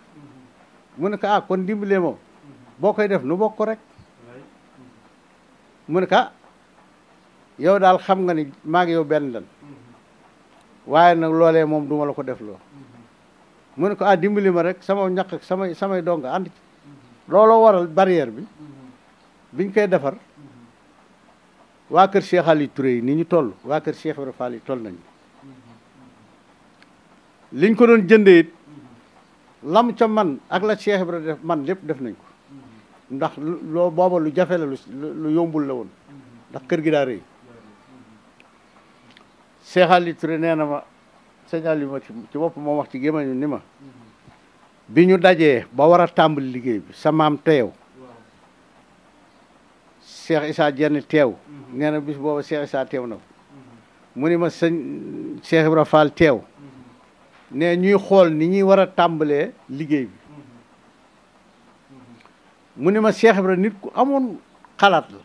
mu ne ko ah kon dimbalee moom boo koy def nu bokk rek mu ne ko ah yow daal xam nga ni maa yow benn lan waaye nag loolee moom duma la ko def loo mu ne ko ah dimbali ma rek sama ñaq samay samay dong ànd ci looloo waral barrière bi biñ koy defar waa kër Cheikh Ali Touré yi ni ñu toll waa kër Cheikh Ibrahima Fall yi toll nañ liñ ko doon jëndee it lam ca man ak la Cheikh Ibra def man lépp def nañ ko ndax loo booba lu jafe la lu yombul la woon ndax kër gi daa rëy Cheikh Ali Touré ma sëñ Ali ma ci bopp moom wax ci gémmañu ni ma bi ñu dajee ba war a tàmbali liggéey bi sa maam teew Cheikh Issa jenn teew mm-hmm. nee na bis booba Cheikh Issa teew na mu ni ma sëñ Cheikh Ibra Fall teew ne ñuy xool ni ñuy war a tàmbalee liggéey bi mu ni ma Cheikh Ibra nit ku amoon xalaat la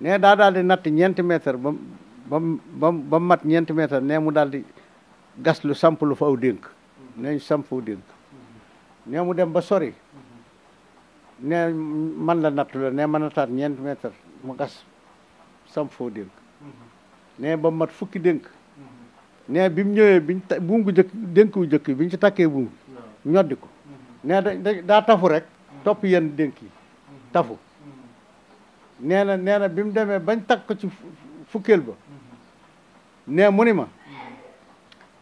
ne daa daal di natt ñeenti meetar ba ba mat ñeenti meetar ne mu daal di gas lu samp lu fa aw dénk ne ñu samp aw dénk ne mu dem ba sori ne man la nattu la ne ma nattaat ñeenti mètre mu gas samp foo dénk ne ba mat fukki dénk nee bi mu ñëwee biñ ta buum gu njëkk dénk wu njëkk biñ ci takkee buum ñoddi ko daa tafu rek mm-hmm. topp yenn dénk yi mm-hmm. Mm-hmm. nee na nee na bi mu demee bañ takk ko ci fukkeel ba nee mu ni ma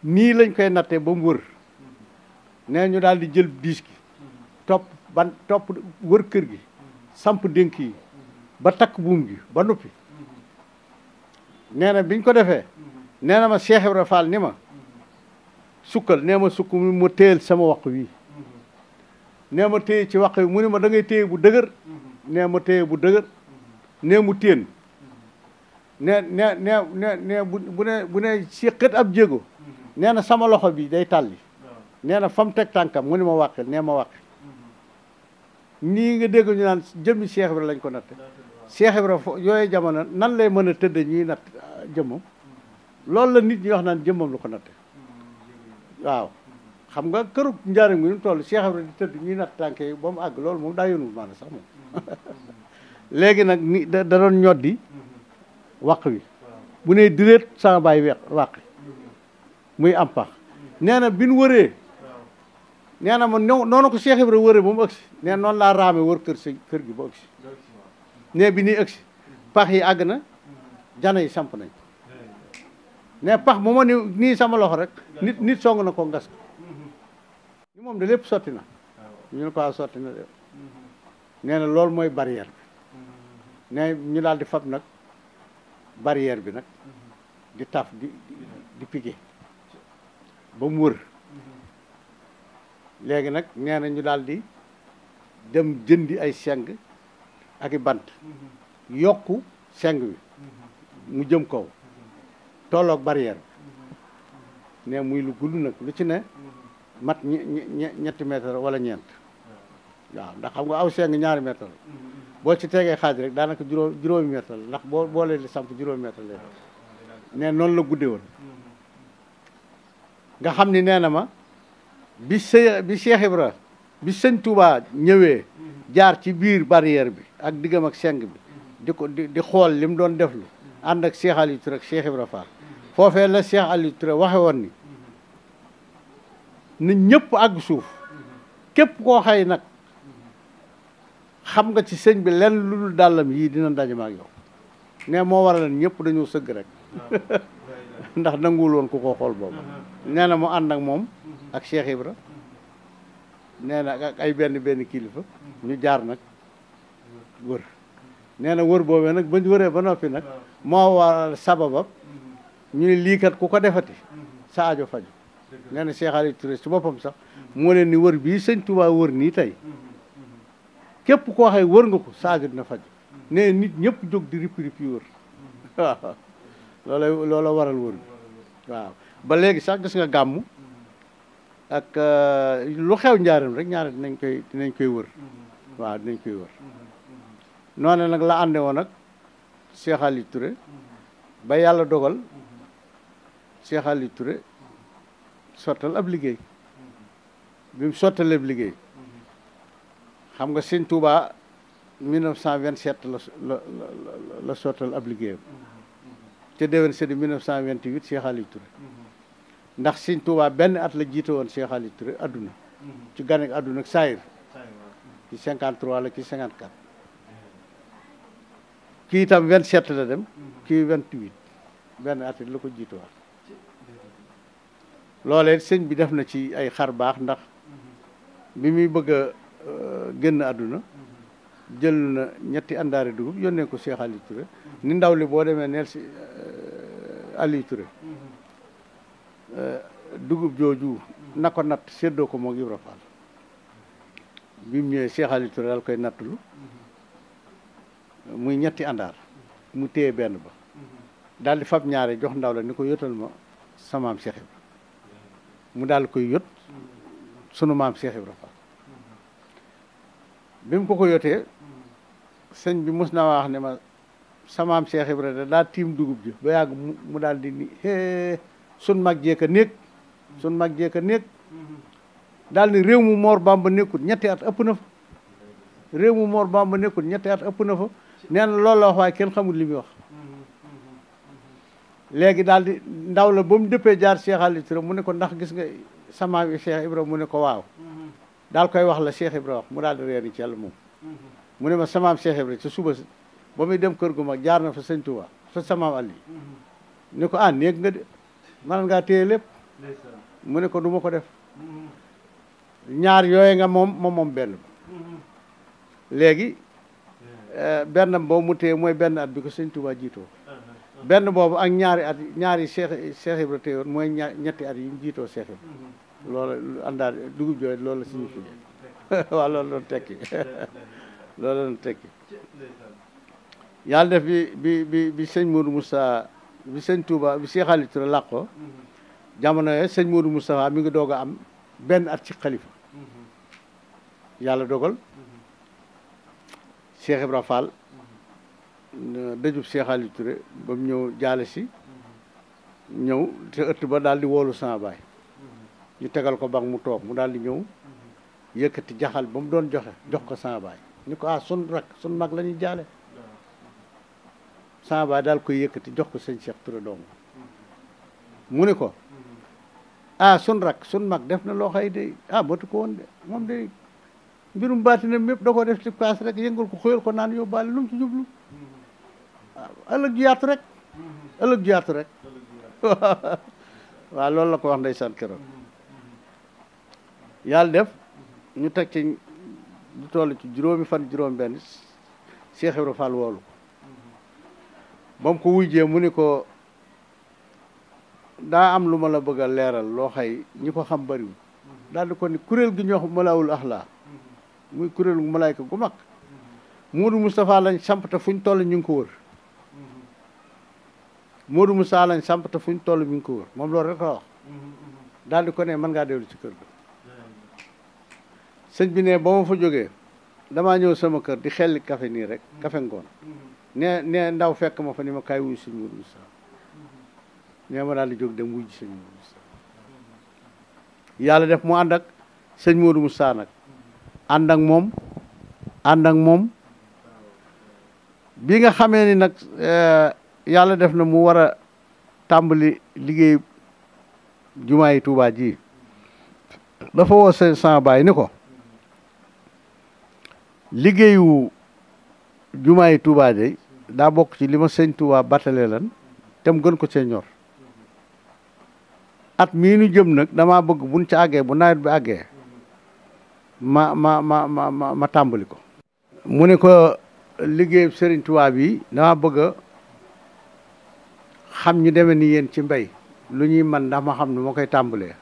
nii lañ koy nattee ba mu wër nee ñu daal di jël diis gi topp wër kër gi samp dénk yi ba takk buum gi ba noppi nee na biñ ko defee nee na ma Cheikh Ibra Fall ni ma sukkal nee ma sukk mu ma téyel sama waq wi nee ma téye ci waq wi mu ni ma da téye bu dëgër nee ma téye bu dëgër nee mu téen ne ne bu bu ne bu ne si ab jégo nee na sama loxo bii day tàlli nee na fa teg tànkam mu ni ma wàqil nee ma wàqi nii nga dégg ñu naan jëmmi Cheikh Ibra lañ ko natte Cheikh Ibra yooyu jamono nan lay mën a tëdd ñuy natt ah, jëmmam loolu la nit ñi wax naan jëmmam la ko natte waaw xam nga këru njaaram gi ñu toll Cheikh Ibrahima di tëdd ñuy natt tànk ba mu àgg loolu moom daa yónul maanaam sax moom [LAUGHS] léegi nag ni da doon ñoddi waq wi bu ne direet sama baay weq wàq muy am pax nee na bi nu wëree nee na ma ñëw noonu ko Cheikh Ibrahima wëree ba mu si nee noonu laa raame wër kër si kër gi ba ëgsi nee bi nii si pax yi àgg na jana yi samp nañ ne pax bu ni sama loxo rek nit nit song na ko ngas ni mom de lepp soti na ñu ne ko ah, soti na de mhm. nee na loolu barrière bi ne ñu dal di fab nak barrière bi nak mhm. di taf di di piqué ba mu wër mhm. légui nak nee na ñu dal di dem jëndi ay seng ak bant yokku seng bi mu jëm kaw tolloog barrière ne muy lu gudd nag lu ci ne mat ñetti mètre wala ñeent waaw ndax xam nga aw seng ñaari mètre la boo ci tegee xaaj rek daanaka juróom juróomi mètre la ndax boo boo leen di samp juróomi mètre la ne noonu la guddee woon nga xam ni nee na ma bi se bi Cheikh Ibra bi sëñ Touba ñëwee jaar ci biir barrière bi ak diggam ak seng bi di ko di di xool li mu doon def deflu ànd ak Cheikh Aliou Touré ak Cheikh Ibra fofé la Cheikh ali Touré waxé won ni ni ñepp ag suuf képp ko xay nak xam nga ci señ bi lén lul dalam yi dina daje ma ak yow ne moo waral ñepp dañu sëgg rek [LAUGHS] ndax nangul won ku ko xol bobu nee na mu and ak mom ak Cheikh Ibra nee na ak ay benn benn kilifa ñu jaar nak wër nee na wër bobé nak bañ wëré ba nopi nak mo waral sababam ñu ne lii kat ku ko defati sa aajo faju nee na Cheikh Aliou boppam sax moo leen ni wër bii sëñ Touba wër nii tey mm-hmm. Mm-hmm. képp koo xay wër nga ko sa aajo dina faj mm-hmm. nee nit ñëpp jóg di rippi rippi wër [LAUGHS] loolu loola waral wër bi waaw ba léegi sax gis nga gàmmu ak euh, lu xew njaaram rek ñaare dinañ koy dinañ koy wër waaw dinañ koy wër noonu nag la àndee woon ak Cheikh Aliou ba yàlla dogal Cheikh Ali Touré sottal ab liggéey bi mu liggéey xam nga Sëñ Touba 1927 vingt la la sottal ab liggéeyam te déwén c'est de 1928 Cheikh Ali Touré ndax Sëñ Touba benn at la jiite woon Cheikh Ali Touré adduna ci ganek adduna saayir ci 53 la ci 54 kii itam 27 la dem kii 28 benn at la ko jiituwaat loole sëñ bi def na ci ay xar baax ndax bi muy bëgg a euh, génn àdduna jël na ñetti àndaari dugub yónnee ko Cheikh Aliou Touré ni ndaw li boo demee neel si euh, Aliou euh, dugub jooju na ko natt séddoo ko moog Ibra Fall bi mu ñëwee Cheikh Aliou Touré daal koy nattlu muy ñetti àndaar mu téye benn ba daal di fab ñaare jox ndaw la ni ko yótal ma samaam Cheikh mu daal koy yot sunu maam Cheikh Ibra Fall bi mu ko ko yotee sëñ bi mos naa wax ne ma samaam Cheikh Ibra da daal tiim dugub ji ba yàgg mu daal di ni hee sun mag jee ka néeg sun mag jee néeg daal ni réew mu moor Mor ba nekkul ñetti at ëpp na fa réew mu baam ba nekkul ñetti at ëpp na fa nee na loolu la wax waaye kenn xamul li muy wax léegi daal di ndaw la ba mu dëppee jaar Cheikh li Touré mu ne ko ndax gis nga sama bi Cheikh Ibra mu ne ko waaw mm-hmm. daal koy wax la Cheikh Ibra wax mu daal di reeri ci moom mm-hmm. mu ne ma samaam Cheikh Ibra ci suba si ba muy dem kër gu mag jaar na fa sëñ Touba fa samaam Aliou mm-hmm. ni ko ah néeg nga de mënoon ngaa téye lépp mu ne ko duma ko def ñaar yooye nga moom moom moom benn ba léegi eh, benn boo mu téye mooy benn at bi ko sëñ jiitoo benn boobu ak ñaari at ñaari Cheikh Cheikh Ibra téyoon mooy ñetti at yi ñu jiitoo Cheikh Ibra mm-hmm. loolu àndaar dugub jooy loolu la signifie [LAUGHS] waaw loolu doon [LAUGHS] yàlla def bi bi bi bi sëñ Modou Moussa bi sëñ Touba bi Cheikh Aliou Touré mm-hmm. jamono yooyu sëñ Modou Moustapha mi ngi doog a am benn at ci xalifa mm-hmm. yàlla dogal Cheikh Ibra dëjub Cheikh Aliou Touré ba mu ñëw jaale si ñëw te ëtt ba daal di woolu sama ñu tegal ko bang mu toog mu daal di ñëw yëkkati jaxal ba mu doon joxe jox ko sama baay ñu ko ah sun rak sun mag la jaale sama daal ko sëñ Cheikh Touré doomu mu ne ko ah sun rak sun def na loo xay de ah batu ko woon de moom de mbirum baatinam yëpp da koo def ci kaas rek yëngal ko xëyal ko naan yóbbaale lu mu ci jublu ëllëg ju yaatu rek ëllëg ju yaatu rek [LAUGHS] waaw loolu la ko wax ndeysaan keroog yàlla def ñu teg ci lu toll ci juróomi fan juróom benn Cheikh Ibra woolu ko ba mu ko wujjee mu ni ko daa am lu ma la bëgg a leeral loo xëy ñi ko xam bariwul daal di ko ni kuréel gi ñoo xam malaawul axlaa muy kuréel gu malaayka gu mag Muudu Moustapha lañ samp te fuñ toll ñu ngi ko wër Modou Moussa lañ samp ta fuñ tollu mi ngi ko wër mom loolu rek wax mm-hmm, mm-hmm. dal di ko ne man nga dellu ci kër ga señ bi ne ba ma fa joge dama ñew sama kër di xelli café ni rek mm-hmm. café ngon ne ne ndaw fekk ma fa ni ma kay wuyu señ Modou Moussa ne ma dal di jog dem wuy señ Modou Moussa yalla def mu andak ak mur Modou Moussa nag mom ak mom ak bi nga xamé ni euh yàlla def na mu war a tàmbali liggéey jumaa yi Tuubaa ji dafa woo seen san baay ni ko liggéeyu jumaa yi Tuubaa daa bokk ci li ma sëñ Tuubaa battale lan te gën ko see ñor at mii nu jëm nag dama bëgg buñ ci àggee bu nawet bi àggee ma ma ma ma ko mu ne ko liggéey sëriñ Tuubaa bi damaa bëgg xam ñu deme ni yéen ci mbay lu ñuy man ndax ma xam ne moo koy tàmbalee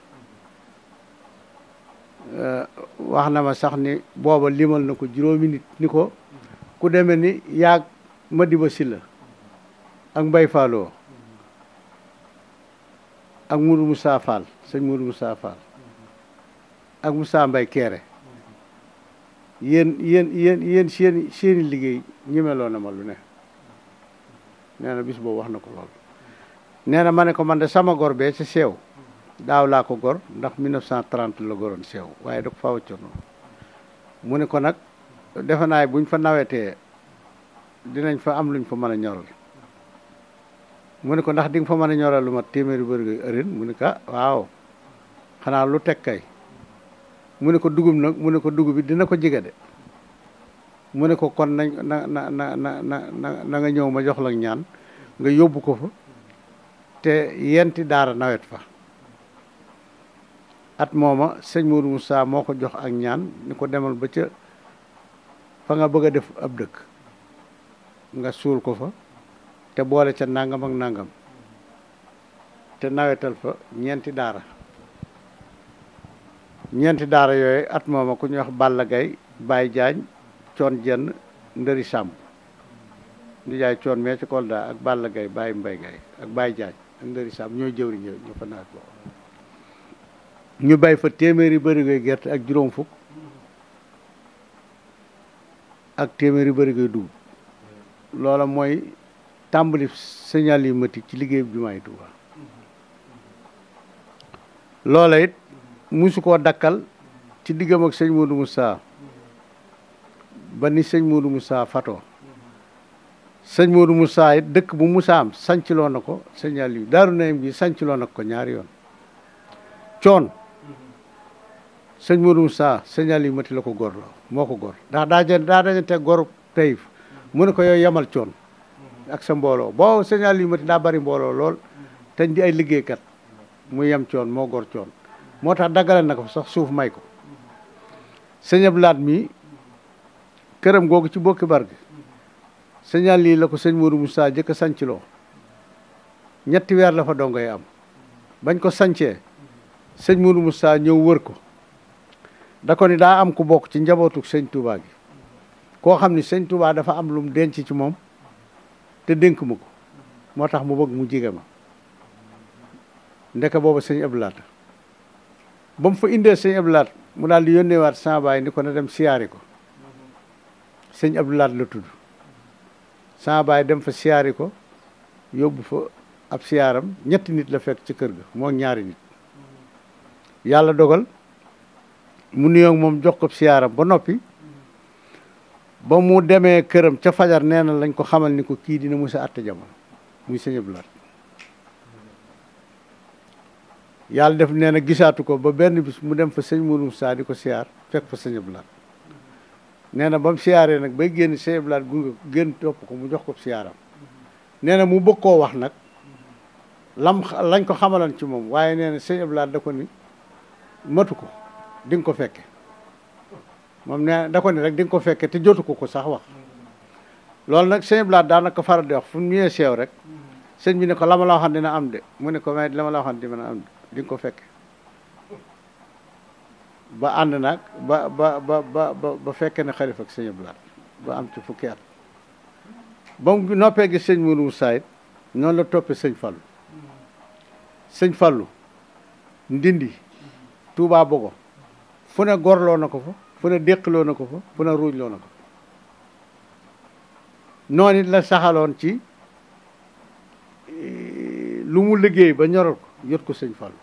euh, wax na ma sax ni booba limal na ko juróomi nit ni ko ku deme ni yaag Madiba Silla ak Mbay Falloo ak Mourou Moussa Fall sëñ Mourou Moussa Mbay Keere yéen yéen yéen yéen seen seeni liggéey ñemeloo na ma lu ne nee na bis boobu wax na ko loolu nee na ma ne ko man de sama gor bee ci seew daaw laa ko gor ndax 1930 la goroon seew waaye da ko faa waccoon mu ne ko nag defe naay buñ fa nawetee dinañ fa am luñ fa mën a ñoral mu ne ko ndax di fa mën a ñoral lu ma téeméeri bërgi ërin mu ne ko ah, waaw xanaa lu teg kay mu ne ko dugub nag mu ne ko dugub bi dina ko jiga de mu ne ko kon nañ na na na na na na nga ñëw ma jox la ñaan nga yóbbu ko fa te yenti daara nawet fa at mooma sëñ Mourou Moussa moo ko jox ak ñaan ni ko demal ba ca fa nga bëgg a def ab dëkk nga suul ko fa te boole ca nangam ak nangam te nawetal fa ñeenti daara ñeenti daara yooyu at mooma ku ñuy wax Balla gay Baye jaañ Coon Jenn Ndëri Sàmb di jaay Coon mee ci Kolda ak Balla gay Baye Mbay Gaye ak Baye Diagne ndari sam ñoo jëwriñ ñu fa naat boobu ñu bay fa bari bërigoy gert ak juroom fuk ak bari bërigoy dugub loola moy tambali señal yu métti ci liggéey bi may Tuuba loola it musu ko dakkal ci diggam ak señ Modou Moussa ba ni señ Modou Moussa fatoo sëñ Modou Moussa it dëkk bu Moussa am sancloo na ko sëñ Aliou Daaru Nayim gi sancloo na ko ñaari yoon coon mm-hmm. sëñ Modou Moussa sëñ Aliou mati la ko gor la moo ko gor ndax daa jë gor tayif mm-hmm. mu ne ko yooyu yamal coon mm-hmm. ak sa mbooloo boo sëñ Aliou mati daa bari mbooloo lool te di ay liggéeykat mu yem coon moo gor coon moo tax daggale na ko sax suuf may ko sëñ Ablaat mi këram googu ci bokki barke señal lii la ko señ sëñ Mourou saa jëkk a ñetti weer la fa dongo yi am bañ ko sancee sëñ Mourou saa ñëw wër ko da ko ni daa am ku bokk ci njabootu sëñ Touba gi koo xam ni sëñ Touba dafa am lu mu denc ci moom te dénk ma ko moo tax mu bëgg mu jige ma ndeke booba sëñ Abdoulaat ba mu fa indee sëñ Abdoulaat mu daal di yónneewaat sama baay ni ko na dem siyaari ko sëñ Abdoulaat la tudd sama baay dem fa siari ko yóbbu fa ab siaram ñetti nit la fek ci kër ga mo ñaari nit yalla dogal mu nuyoog mom jox ko siyaaram ba nopi ba mu deme kërëm ca fajar neena lañ ko xamal ni ko ki dina musa atta jamono muy sëñ Abdoulaye yalla def neena gisatu ko ba benn bis mu dem fa mu Mourou sa di ko siar fek fa sëñ nee na ba mu siyaaree nag bay génn Cheikh Ibrahima gunge génn topp ko mu jox ko siyaaram nee na mu bëgg koo wax nag lam lañ ko xamaloon ci moom waaye nee na Cheikh Ibrahima da ko ni matu ko di nga ko fekke moom nee da ko ni rek di ko fekke te jotu ko ko sax wax loolu nag Cheikh Ibrahima daanaka faral di wax fu mu ñëwee seew rek sëñ bi ne ko la ma la waxoon dina am de mu ne ko may la ma la waxoon dina am di nga ko fekke ba ànd nag ba ba ba ba ba fekke ne xalif ak sëñ Abdou Lahad ba am ci fukki at ba mu noppee gi sëñ Mourou Moussa it noonu la toppee sëñ Fallou sëñ Fallou Ndindi Touba Bogo fu ne gorloo na ko fa fu ne déqloo na ko fa fu ne ruujloo na ko noonu it la saxaloon ci eh, lu mu liggéey ba ñoral ko jot ko sëñ Fallou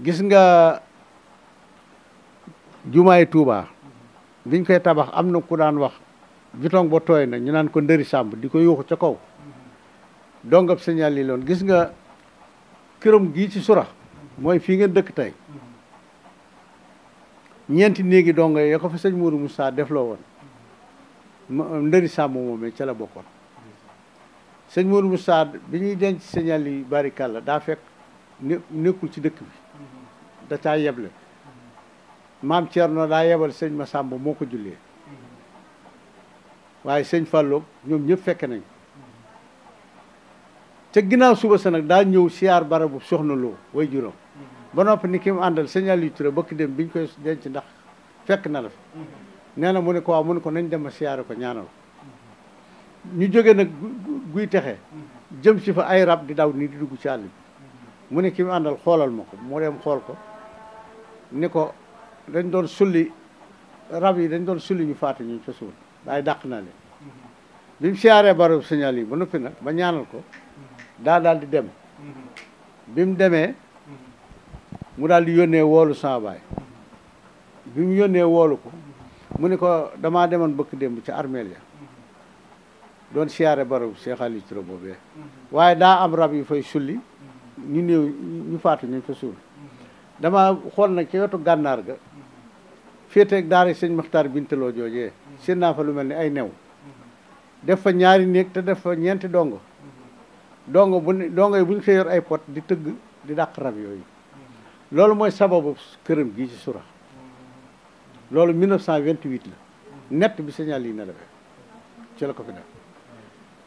gis nga jumaay Touba biñ koy tabax am ku daan wax vitong bo toy na ñu naan ko ndëri sàmb di ko yuuxu ca kaw dongab señal yi loon gis nga këram gii ci sura mooy fii ngeen dëkk tey ñeenti néegi dongo ya ko fa sëñ Mourou Moussa defloo woon ndëri sàmb moomee ca la bokkoon sëñ Mourou Moussa bi ñuy denc señal yi bari kàlla daa nekkul ci dëkk bi da caa yeble maam Thierno daa yebal sëñ Massamba moo ko jullee waaye sëñ Fallou ñoom ñëpp fekk nañ ca ginnaaw suba sa nag daa ñëw siyaar barabu soxna loo way juróom ba noppi ni ki mu àndal sëñ Aliou bëkk dem biñ koy denc ndax fekk na la fi nee na mu ne ko waaw mu ne ko nañ dem a siyaare ko ñaanal ñu jóge nag guy texe jëm si fa ay rab di daw nii di dugg ci àll bi mu ne ki àndal xoolal ma ko mu dem xool ko ni ko dañ doon sulli rab yi dañ doon sulli ñu faatu ñu ca suul waaye dàq naa leen bi mu siyaaree barabu signal yi ba noppi nag ba ñaanal ko daa daal di dem bi mu demee mu daldi yónnee woolu sama baay bi mu yónnee woolu ko mu ne ko damaa demoon bëkk démb ci armeel ya doon siyaare barabu Cheikh Aliou Touré boobee waaye daa am rab yu fay sulli ñu néew ñu faatu ñu fa suul dama xool nag ci wetu gànnaar ga féeteeg daara sëñ Maxtaar Bintaloo joojee seen naa fa lu mel ni ay new def fa ñaari néeg te def fa ñeenti dongo dongo bu ne dongo yi bu ñu ay pot di tëgg di dàq rab yooyu loolu mooy sababu këram gii ci sura loolu 1928 la nett bi signal yi na la ci la ko fi def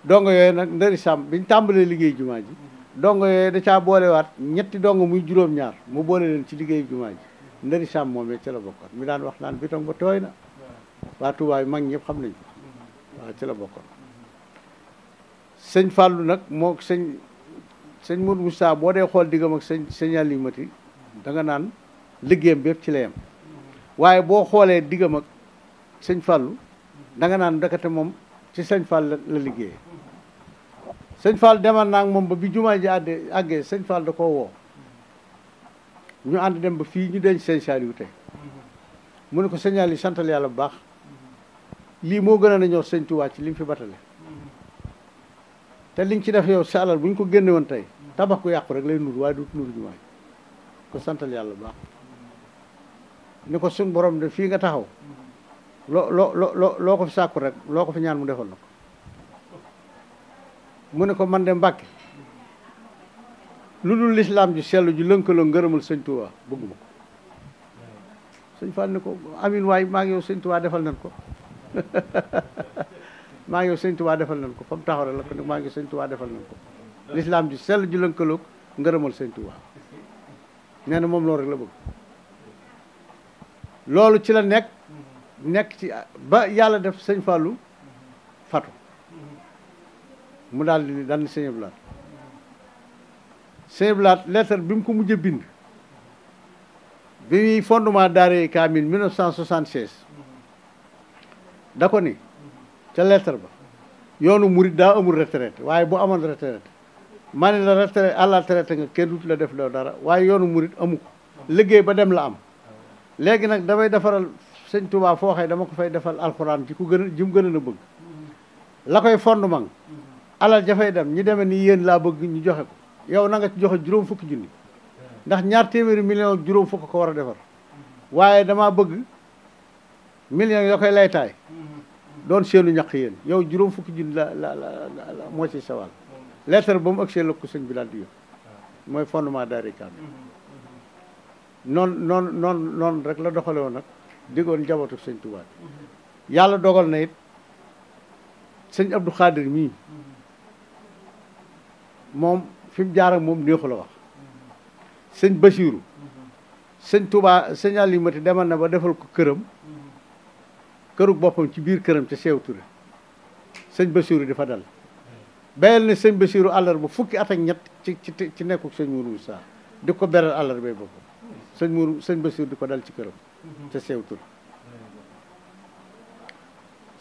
dongo yooyu nag ndari sàmm biñ tàmbalee liggéey jumaa ji dongo yooyu da caa boolewaat ñetti dongo muy juróom-ñaar mu boole leen ci liggéey jumaa ji ndari sàmm moomee ca la bokkoon mi daan wax naan bitong ba tooy na waa Tuubaa yi mag ñëpp xam nañ ko waaw la bokkoon sëñ Fallou nag moo sëñ sëñ Mourou Moussa boo dee xool diggam ak sëñ sëñ Aliou Mati danga naan liggéeyam bépp ci la yem waaye boo xoolee diggam ak sëñ Fallou danga naan ndekete moom ci sëñ Fall la liggéeyee seigne Fall demal naa mom ba bi juma ji àdde agge seigne Fall da koo woo ñu and dem ba fi ñu deñ seigne Saliou tey mu ne ko seigne ali santal yalla bu baax lii moo na ñoo seigne touba ci lim fi batale te liñ ci def yow salal buñ ko gënne won tay tabax ko yaq rek lay nuur way du nuur juma ko santal yalla bu baax ko sun borom de fi nga taxaw lo lo lo lo ko fi sakku rek lo ko fi ñaan mu defal la mune ko man dem Mbàkke lulul l'islam ju ji ju leunk lo ngeureumul seigne touba bëgguma ko seigne Fall ne ko amin way ma ngi yow seigne touba defal nan ko [LAUGHS] ma ngi yow seigne touba defal nan ko fam mu la ko ma ngi seigne touba defal nan ko l'islam ju sell ju leunk lo ngeureumul seigne touba neena mom lo rek la bëgg lolu ci la nek nek ci ba yalla def seigne fallu fatou mu daal di ni daal di sëñ bi mu ko mujj a bind bi muy fondement Daaray Kaamil da ko ni ca lettre ba yoonu murit daa amul retraite waaye bu amoon retraite ma la retraite à la nga kenn la def loo dara waaye yoonu murit amu ko liggéey ba dem la am léegi nag damay defaral sëñ Touba foo xëy dama ko fay defal alxuraan ji ko gën mu gën a bëgg la koy fondement alal jafay dem ñi deme ni yéen laa bëgg ñu joxe ko yow na joxe juróom fukki junni ndax ñaar téeméeri million juróom fukk ko war a defar waaye damaa bëgg million yoo koy laytaay doon seenu ñaq yéen yow juróom fukki junni la la la moo ci sawal lettre ba mu agsee la ko sëñ bi daal di yóbbu mooy fondement daari rek la doxale woon nag diggoon njabootu sëñ Tuubaa yàlla dogal na it sëñ Abdou Khadir mii moom fi mu jaar moom neexu la wax sëñ Basiiru sëñ Touba sëñ Aliou demal na ba defal ko këram kërug boppam ci biir këram ca Seew Ture sëñ Basiiru dafa dal bayal na sëñ Basiiru àllarba fukki at ak ñett ci ci ci nekkul sëñ Mourou Moussa di ko beral àllarbay boppam sëñ Mourou sëñ Basiiru di ko dal ci këram ca Seew Ture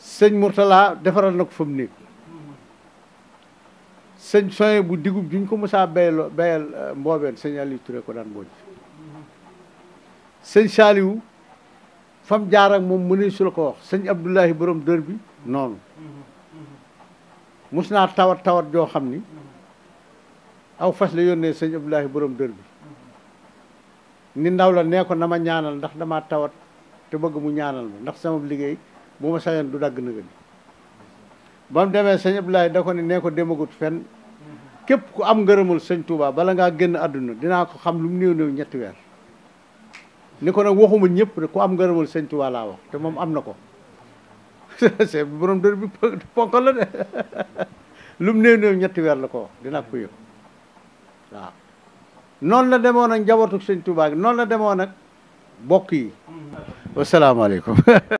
sëñ Mourtala defaral na ko fa mu sen soye bu digub juñ ko musa bayel bayel eh, mboobeen sëñ Aliou Touré ko dan bojj sen Saliou fam jaar ak mom mune sul ko wax sëñ abdullah borom deur bi non musna tawat tawat jo xamni ni aw fas la yónnee sëñ abdullah borom deur bi ni ndaw la nee ko na ñaanal ndax dama tawat te bëgg mu ñaanal ma ndax sama liggey bu ma du dag ba mu demee sëñ Abdoulaye da ko ne nee ko demagut fenn képp ku am ngërëmul sëñ Touba bala ngaa génn àdduna dinaa ko xam lu mu néew néew ñetti weer ni ko nag waxuma ñépp ne ku am ngërëmul sëñ Touba laa wax te moom am na ko [LAUGHS] c'est borom dër bi ponkal la de [LAUGHS] lu néew néew ñetti weer la ko wax dinaa ko yëg waaw noonu la demoon ak njabootu sëñ Touba gi noonu la demoon nag bokk yi mm-hmm. wasalaamaaleykum [LAUGHS]